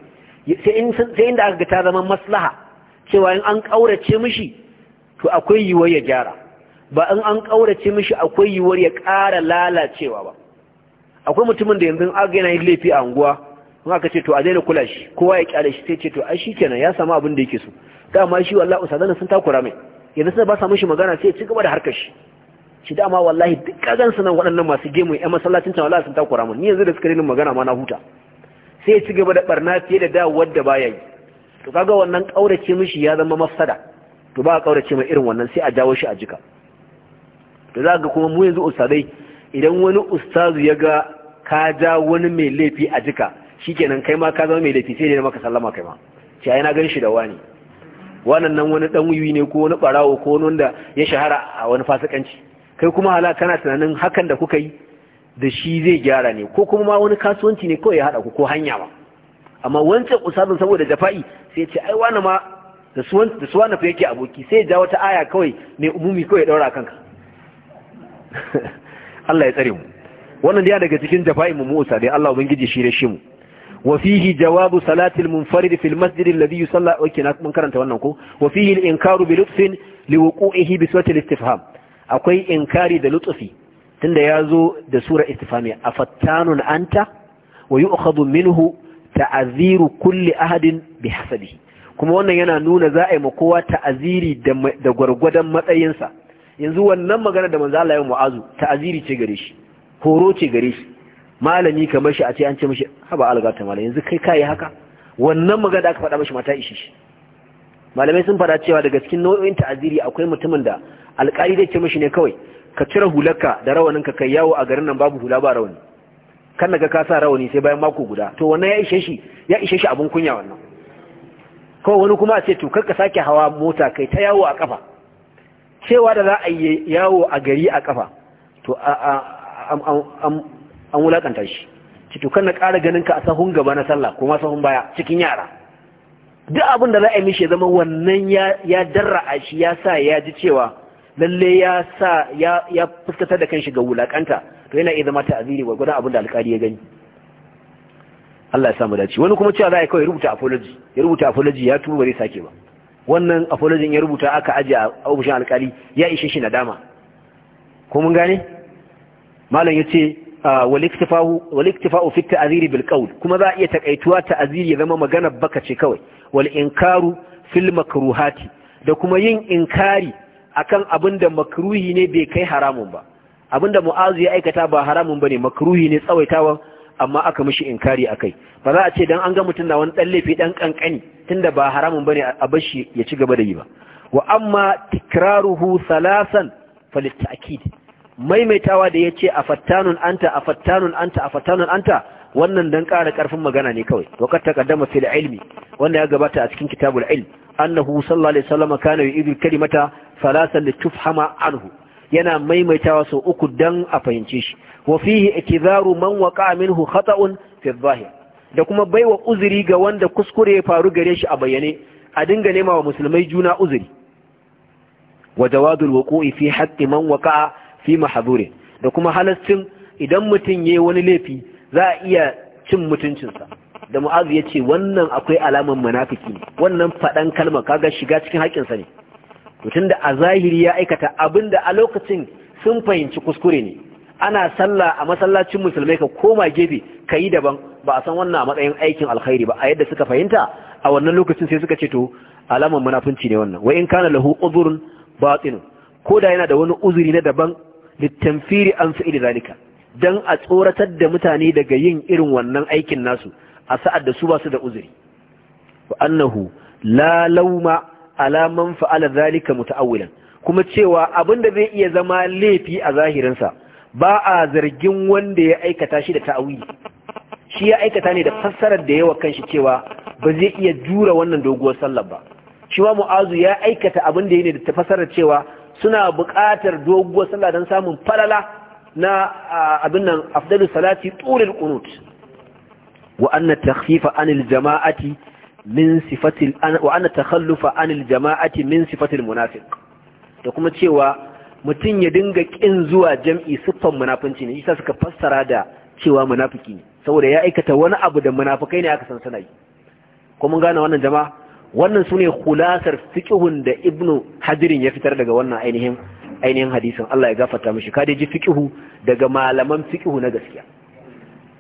sai inda aka ga ta zama maslaha cewa in an ƙaurace mishi to akwai yiwuwar ya gyara ba in an ƙaurace mishi akwai yiwuwar ya ƙara lalacewa ba akwai mutumin da yanzu aka yana yin laifi a unguwa in aka ce to a daina kula shi kowa ya kyale shi sai ce to ai shikenan ya samu abin da yake so dama shi wallahi usadana sun takura mai yanzu sai ba sa mishi magana sai ci gaba da harkar shi shi dama wallahi duk kagan sunan nan waɗannan masu gemu 'yan masallacin can wallahi sun takura mun ni yanzu da suka rinin magana ma na huta sai ci gaba da barna fiye da dawowar da baya yi to kaga wannan kaurace mishi ya zama mafsada to ba a kaurace mai irin wannan sai a jawo shi a jika to za ga kuma mu yanzu ustadai idan wani ustazu ya ga ka ja wani mai laifi a jika shikenan kai ma ka zama mai laifi sai ne maka sallama kai ma ce ai na gan shi da wani wannan nan wani dan wuyi ne ko wani barawo ko wani wanda ya shahara a wani fasikanci kai kuma hala kana tunanin hakan da kuka yi da shi zai gyara ne ko kuma wani kasuwanci ne kawai ya haɗa ku ko hanya ba amma wancan usazin saboda jafa'i sai ya ce ai wani ma da su wani fa yake aboki sai ja wata aya kawai mai umumi kawai ya daura kanka [laughs] Allah ya tsare mu wannan dai daga cikin jafa'i mu mu'usa dai Allah ubangiji shi da shi mu wa fihi jawabu salatil munfarid fil masjid alladhi yusalla okay na karanta wannan ko Wafihin fihi al inkaru bi lutfin li wuqu'ihi bi surati al istifham akwai inkari da lutsufi lutfi ya zo da sura istifhamiya afattanun anta wa yu'khadhu minhu ta'aziru kulli ahadin bi hasabihi kuma wannan yana nuna za a yi kowa ta'aziri da gwargwadon matsayinsa yanzu wannan maganar da manzo Allah ya ta'aziri ce gare shi horo ce gare shi malami kamar shi a ce an ce mashi haba algata malami yanzu kai kayi haka wannan magana da aka faɗa mashi mata ishi shi malamai sun faɗa cewa daga cikin nau'in ta'aziri akwai mutumin da alƙali zai ce mashi ne kawai ka cire hularka da rawanin ka kai yawo a garin nan babu hula ba rawani kan daga ka sa rawani sai bayan mako guda to wannan ya ishe shi ya ishe shi abun kunya wannan kawai wani kuma a ce to ka sake hawa mota kai ta yawo a kafa cewa da za a yi yawo a gari a kafa to an wulakanta shi ci na na ƙara ganin ka a sahun gaba na sallah kuma sahun baya cikin yara duk abin da za a yi mishi zama wannan ya darra shi ya sa ya ji cewa lalle ya sa ya fuskantar da kanshi ga wulakanta to yana iya zama aziri wa gudan abin da alƙali ya gani Allah ya samu dace wani kuma cewa za a yi kawai rubuta apology ya rubuta apology ya tuba ba sake ba wannan apology ya rubuta aka aje a ofishin alƙali ya ishe shi nadama ko mun gane malam yace fi bil za a iya takaituwa كما ya zama magana baka ce kawai wal inkaru fil makruhati da kuma yin inkari akan abinda da makruhi ne bai kai haramun ba Abinda da mu'azu ya aikata ba haramun bane makruhi ne tsawaitawa amma aka mishi inkari akai ba za a ce dan an ga mutum na wani dan laifi dan kankani tunda ba haramun bane a bashi ya ci gaba da yi ba wa amma tikraruhu salasan falit ta'kid maimaitawa da ya ce a fattanun anta a fattanun anta a fattanun anta wannan dan ƙara ƙarfin magana ne kawai wakar taqaddama fil ilmi wannan ya gabata a cikin kitabul ilm annahu sallallahu alaihi wasallam kana yu'idu kalimata salasan litufhama anhu yana maimaitawa sau uku dan a fahimce shi wa fihi ikidharu man waqa'a minhu khata'un fi da kuma baiwa uzuri ga wanda kuskure ya faru gare shi a bayyane a dinga nema wa musulmai juna uzuri wa jawadul wuqu'i fi haqqi man waqa'a fi mahazuri da kuma halarcin, idan mutum ya yi wani laifi za a iya cin mutuncinsa da mu'azu ya ce wannan akwai alamar munafiki wannan faɗan kalma kaga shiga cikin haƙƙinsa ne to da a zahiri ya aikata abin da a lokacin sun fahimci kuskure ne ana sallah a masallacin musulmai ka koma gefe ka yi daban ba a san wannan a matsayin aikin alkhairi ba a yadda suka fahimta a wannan lokacin sai suka ce to alamar munafunci ne wannan wa in kana lahu uzurun batin ko da yana da wani uzuri na daban littanfiri an iri zalika dan a tsoratar da mutane daga yin irin wannan aikin nasu a sa'ad da su ba su da uzuri wa annahu la fa'alar ala man fa'ala zalika muta'awwilan kuma cewa abin da zai iya zama laifi a zahirinsa ba a zargin wanda ya aikata shi da ta'awili shi ya aikata ne da fassarar da yawa kan shi cewa ba zai iya jura wannan doguwar sallar ba shi ma mu'azu ya aikata abin da ya ne da fassarar cewa suna buƙatar doguwar sallah don samun falala na abin nan afdalu salati Turin qunut wa anna takhfifa anil jama'ati min sifatil wa anna takhallufa anil jama'ati min sifatil munafiq da kuma cewa mutum ya dinga kin zuwa jam'i siffan munafunci ne yasa suka fassara da cewa munafiki ne saboda ya aikata wani abu da munafikai ne aka san sanayi ko mun gane wannan jama'a wannan su ne kulasar fiƙihun da ibnu hadirin ya fitar daga wannan ainihin ainihin hadisin Allah ya gafarta mishi ka ji fiƙihu daga malaman fikihu na gaskiya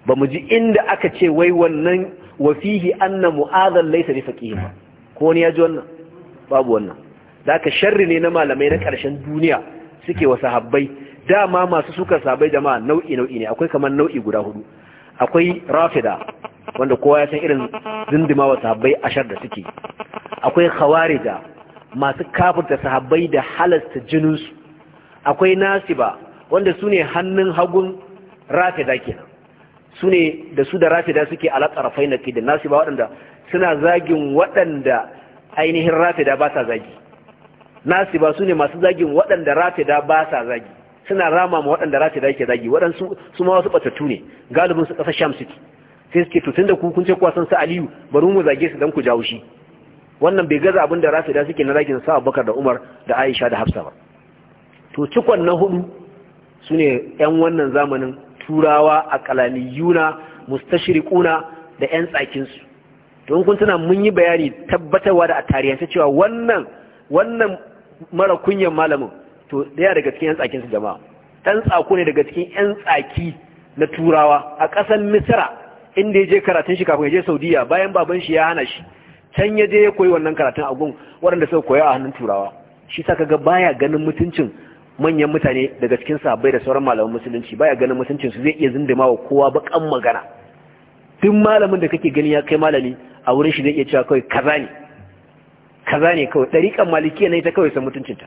ba mu ji inda aka ce wai wannan wafihi anna mu'adhan laysa bi ba, ko ne ya ji wannan babu wannan zaka sharri ne na malamai na karshen duniya suke wa sahabbai dama masu suka sahabbai jama'a nau'i nau'i ne akwai kamar nau'i guda hudu akwai rafida wanda kowa ya san irin zindima wa sahabbai ashar da suke akwai khawarija masu kafirta sahabbai da halasta jininsu akwai nasiba wanda su ne hannun hagun rafida kenan su ne da su da rafida suke tsarafai na da nasiba waɗanda suna zagin waɗanda ainihin rafida ba sa zagi nasiba su ne masu zagin waɗanda rafida ba sa zagi suna rama ma waɗanda rata da yake zagi waɗansu su ma wasu ɓatattu ne galibin su ƙasar sham city sai suke to da ku kun ce kuwa san su aliyu bari mu zage su dan ku jawo shi wannan bai gaza abin da rata da suke na zagin sa abubakar da umar da aisha da hafsa ba to cikon na hudu su ne yan wannan zamanin turawa a kalaniyuna mustashriquna da ƴan tsakin su. to in kun tuna mun yi bayani tabbatarwa da a tarihance cewa wannan wannan mara kunyan malamin to daya daga cikin yan tsakin su jama'a dan tsako ne daga cikin yan tsaki na turawa a ƙasar misra inda ya je karatun shi kafin ya je saudiya bayan baban shi ya hana shi can ya je ya koyi wannan karatun a gun waɗanda suka koya a hannun turawa shi sa kaga baya ganin mutuncin manyan mutane daga cikin sahabbai da sauran malaman musulunci baya ganin mutuncin su zai iya zindima wa kowa bakan magana duk malamin da kake gani ya kai malami a wurin shi zai iya cewa kawai kaza ne kaza ne kawai ɗariƙan malikiya ne ta kawai san mutuncinta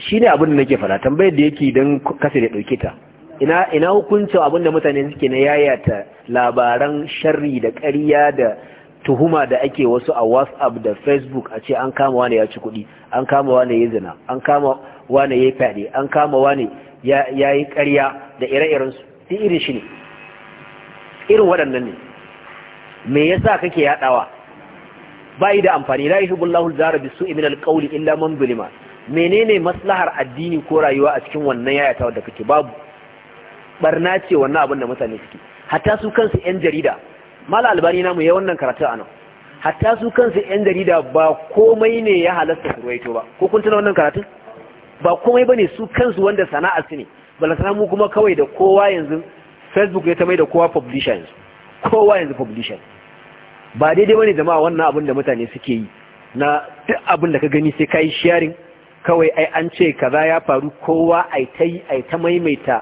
shi ne abin da nake fara tambayar da yake don kasa da ɗauke ta ina hukuncin abin da mutane suke na yayata labaran sharri da ƙarya da tuhuma da ake wasu a whatsapp da facebook a ce an kama wane ya ci kuɗi an kama wane ya zina an kama wane ya yi an kama wane ya yi ƙarya da ire-iren su irin shi ne irin waɗannan ne me yasa kake yaɗawa bayi da amfani la zara bis-su'i min kauli, illa man bulima menene maslahar addini ko rayuwa a cikin wannan yayata da kake babu barna ce wannan abin da mutane suke hatta su kansu yan jarida mala albani namu ya wannan karatu a nan. hatta su kansu yan jarida ba komai ne ya halasta su ruwaito ba ko kun tuna wannan karatu. ba komai bane su kansu wanda sana'a su ne bala samu kuma kawai da kowa yanzu facebook ya ta mai da kowa publisher yanzu kowa yanzu publisher ba daidai bane jama'a wannan abin da mutane suke yi na duk abin da ka gani sai kai sharing kawai ai an ce kaza ya faru kowa ai ta yi ai ta maimaita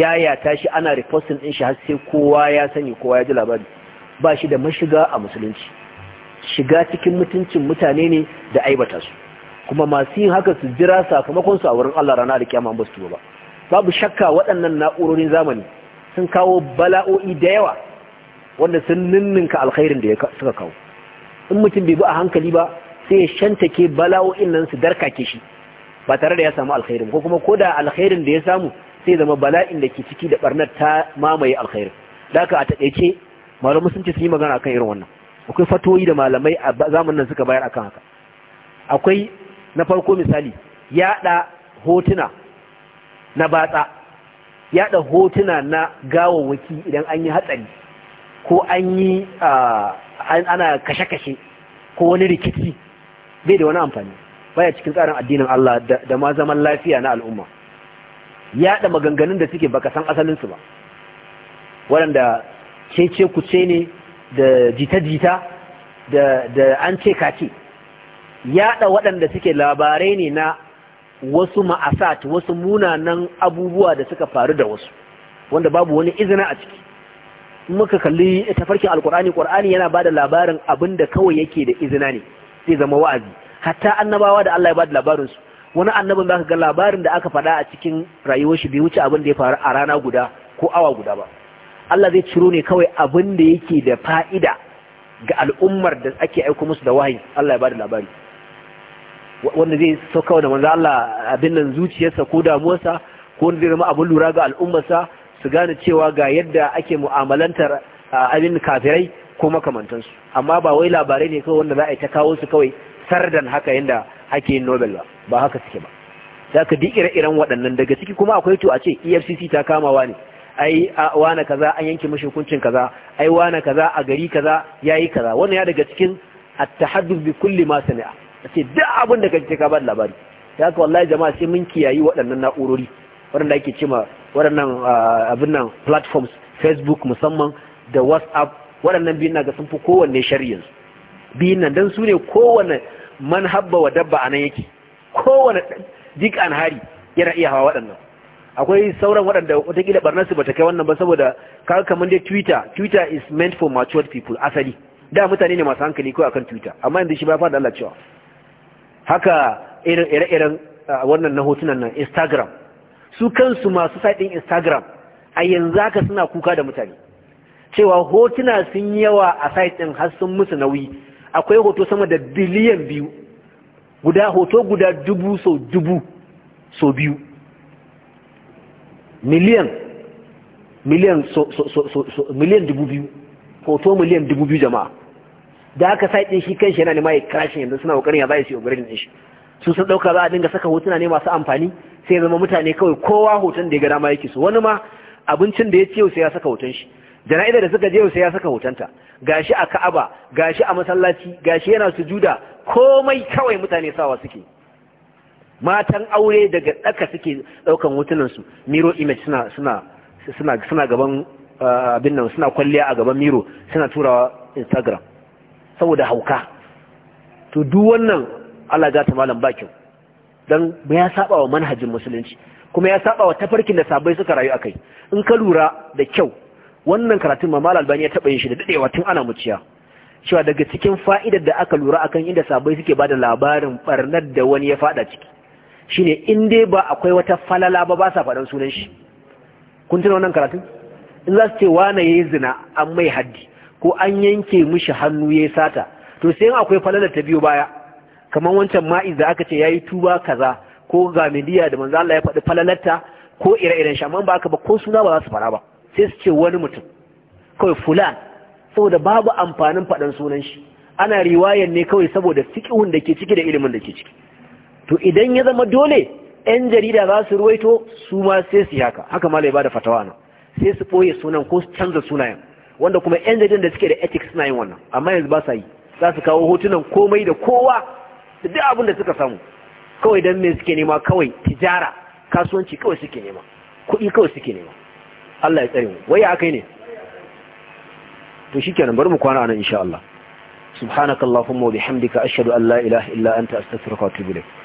yaya ta shi ana reporting din shi har sai kowa ya sani kowa ya ji labari ba shi da mashiga a musulunci shiga cikin mutuncin mutane ne da aibata su kuma masu yin haka su jira sakamakon su a wurin Allah rana da kiyama ba su ba babu shakka waɗannan na'urorin zamani sun kawo bala'o'i da yawa wanda sun ninninka alkhairin da suka kawo in mutum bai bi a hankali ba sai ya shantake bala'o'in nan su darkake shi ba tare da ya samu alkhairin ko kuma ko da alkhairin da ya samu sai zama bala'in da ke ciki da barnar ta mamaye alkhairin da haka a taƙaice malamai sun ce sun yi magana akan irin wannan akwai fatoyi da malamai a zamanin suka bayar akan haka akwai na farko misali yaɗa hotuna na batsa yaɗa hotuna na gawawwaki idan an yi hatsari ko an yi ah, ana kashe-kashe ko wani rikici bai da wani amfani baya cikin tsarin addinin Allah da ma zaman lafiya na al'umma yaɗa maganganun da suke baka san asalinsu ba waɗanda cece kuce ne da jita-jita da an ce kace yaɗa waɗanda suke labarai ne na wasu ma'asat wasu munanan abubuwa da suka faru da wasu wanda babu wani izina a ciki muka kalli tafarkin alkur'ani kur'ani yana ba da labarin abin da kawai yake da izina ne zai zama wa'azi hatta annabawa da Allah ya bada da labarinsu wani annabin za ka ga labarin da aka faɗa a cikin rayuwar shi bai wuce abin da ya faru a rana guda ko awa guda ba Allah zai ciro ne kawai abin da yake da fa'ida ga al'ummar da ake aiko musu da wahayi Allah ya bada labari wanda zai sauka da manzo Allah abin nan zuciyarsa ko damuwarsa ko wanda zai zama abin lura ga al'ummarsa su gane cewa ga yadda ake mu'amalantar abin kafirai ko makamantansu amma ba wai labarai ne kawai wanda za a yi ta kawo su kawai sardan haka yadda ake yin Nobel ba ba haka suke ba za ka duk ire waɗannan daga ciki kuma akwai to a ce EFCC ta kamawa ne ai wane kaza an yanke mashi hukuncin kaza ai wane kaza a gari kaza yayi kaza wannan ya daga cikin at-tahaddud bi kulli ma sami'a sai duk abin da kake ka ba labari ya ka wallahi jama'a sai mun kiyayi waɗannan na'urori waɗanda ake cewa waɗannan abin nan platforms Facebook musamman da WhatsApp waɗannan biyun na ga sun fi kowanne shari'a yanzu biyun nan dan su ne kowanne man habba wa dabba a nan yake kowane duk an hari yana iya hawa waɗannan akwai sauran waɗanda watakila barnarsu ba ta kai wannan ba saboda kaga kamar dai twitter twitter is meant for mature people asali da mutane ne masu hankali kawai akan twitter amma yanzu shi ba da Allah cewa haka ire-iren wannan na hotunan nan instagram su kansu masu site instagram a yanzu haka suna kuka da mutane cewa hotuna sun yawa a site ɗin har sun musu nauyi akwai hoto sama da biliyan biyu guda hoto guda dubu so dubu so biyu miliyan miliyan so, so, so, so miliyan dubu biyu hoto miliyan dubu biyu jama'a da aka sai kan shi kanshi yana nema ya shi yanzu suna kokarin ya zai shi upgrade din shi su sun dauka za a dinga saka hotuna ne masu amfani sai ya zama mutane kawai kowa hoton da ya ga dama yake so wani ma abincin da ya ciyo sai ya saka hoton shi jana'izar da suka je sai ya saka hotonta gashi a Ka'aba gashi a masallaci gashi yana sujuda komai kawai mutane sawa suke matan aure daga daka suke daukan hotunan su miro image suna suna suna suna gaban ah, abin nan suna kwalliya a gaban miro suna turawa Instagram saboda hauka to duk wannan Allah ya ta malam bakin dan ya saba wa manhajin musulunci kuma ya saba wa tafarkin da sabai suka rayu akai in ka lura da kyau wannan karatun mamal albani ya taɓa yin shi da daɗewa tun ana muciya cewa daga cikin fa'idar da aka lura akan inda sabai suke da labarin barnar da wani ya fada ciki shine in dai ba akwai wata falala ba ba sa faɗin sunan shi kun tuna wannan karatun in za su ce wane yayi zina an mai haddi ko an yanke mishi hannu yayi sata to sai in akwai falala ta biyo baya kamar wancan ma'iz da aka ce ya yi tuba kaza ko ga da manzo Allah ya faɗi falalarta ko ire-iren shi amma ba aka ba ko suna ba za su fara ba sai su ce wani mutum kawai fulan saboda babu amfanin faɗan sunan shi ana riwayan ne kawai saboda fiƙihun da ke ciki da ilimin da ke ciki to idan ya zama dole yan jarida za su ruwaito su ma sai su haka haka ma lai da fatawa nan sai su ɓoye sunan ko su canza sunayen wanda kuma yan jaridan da suke da ethics suna yin wannan amma yanzu ba sa yi za su kawo hotunan komai da kowa da duk abin da suka samu kawai don me suke nema kawai tijara kasuwanci kawai suke nema kuɗi kawai suke nema Allah ya tsare mu wai akai ne to shikenan bari mu kwana anan insha Allah subhanakallahumma wa bihamdika ashhadu an la ilaha illa anta astaghfiruka wa atubu ilayk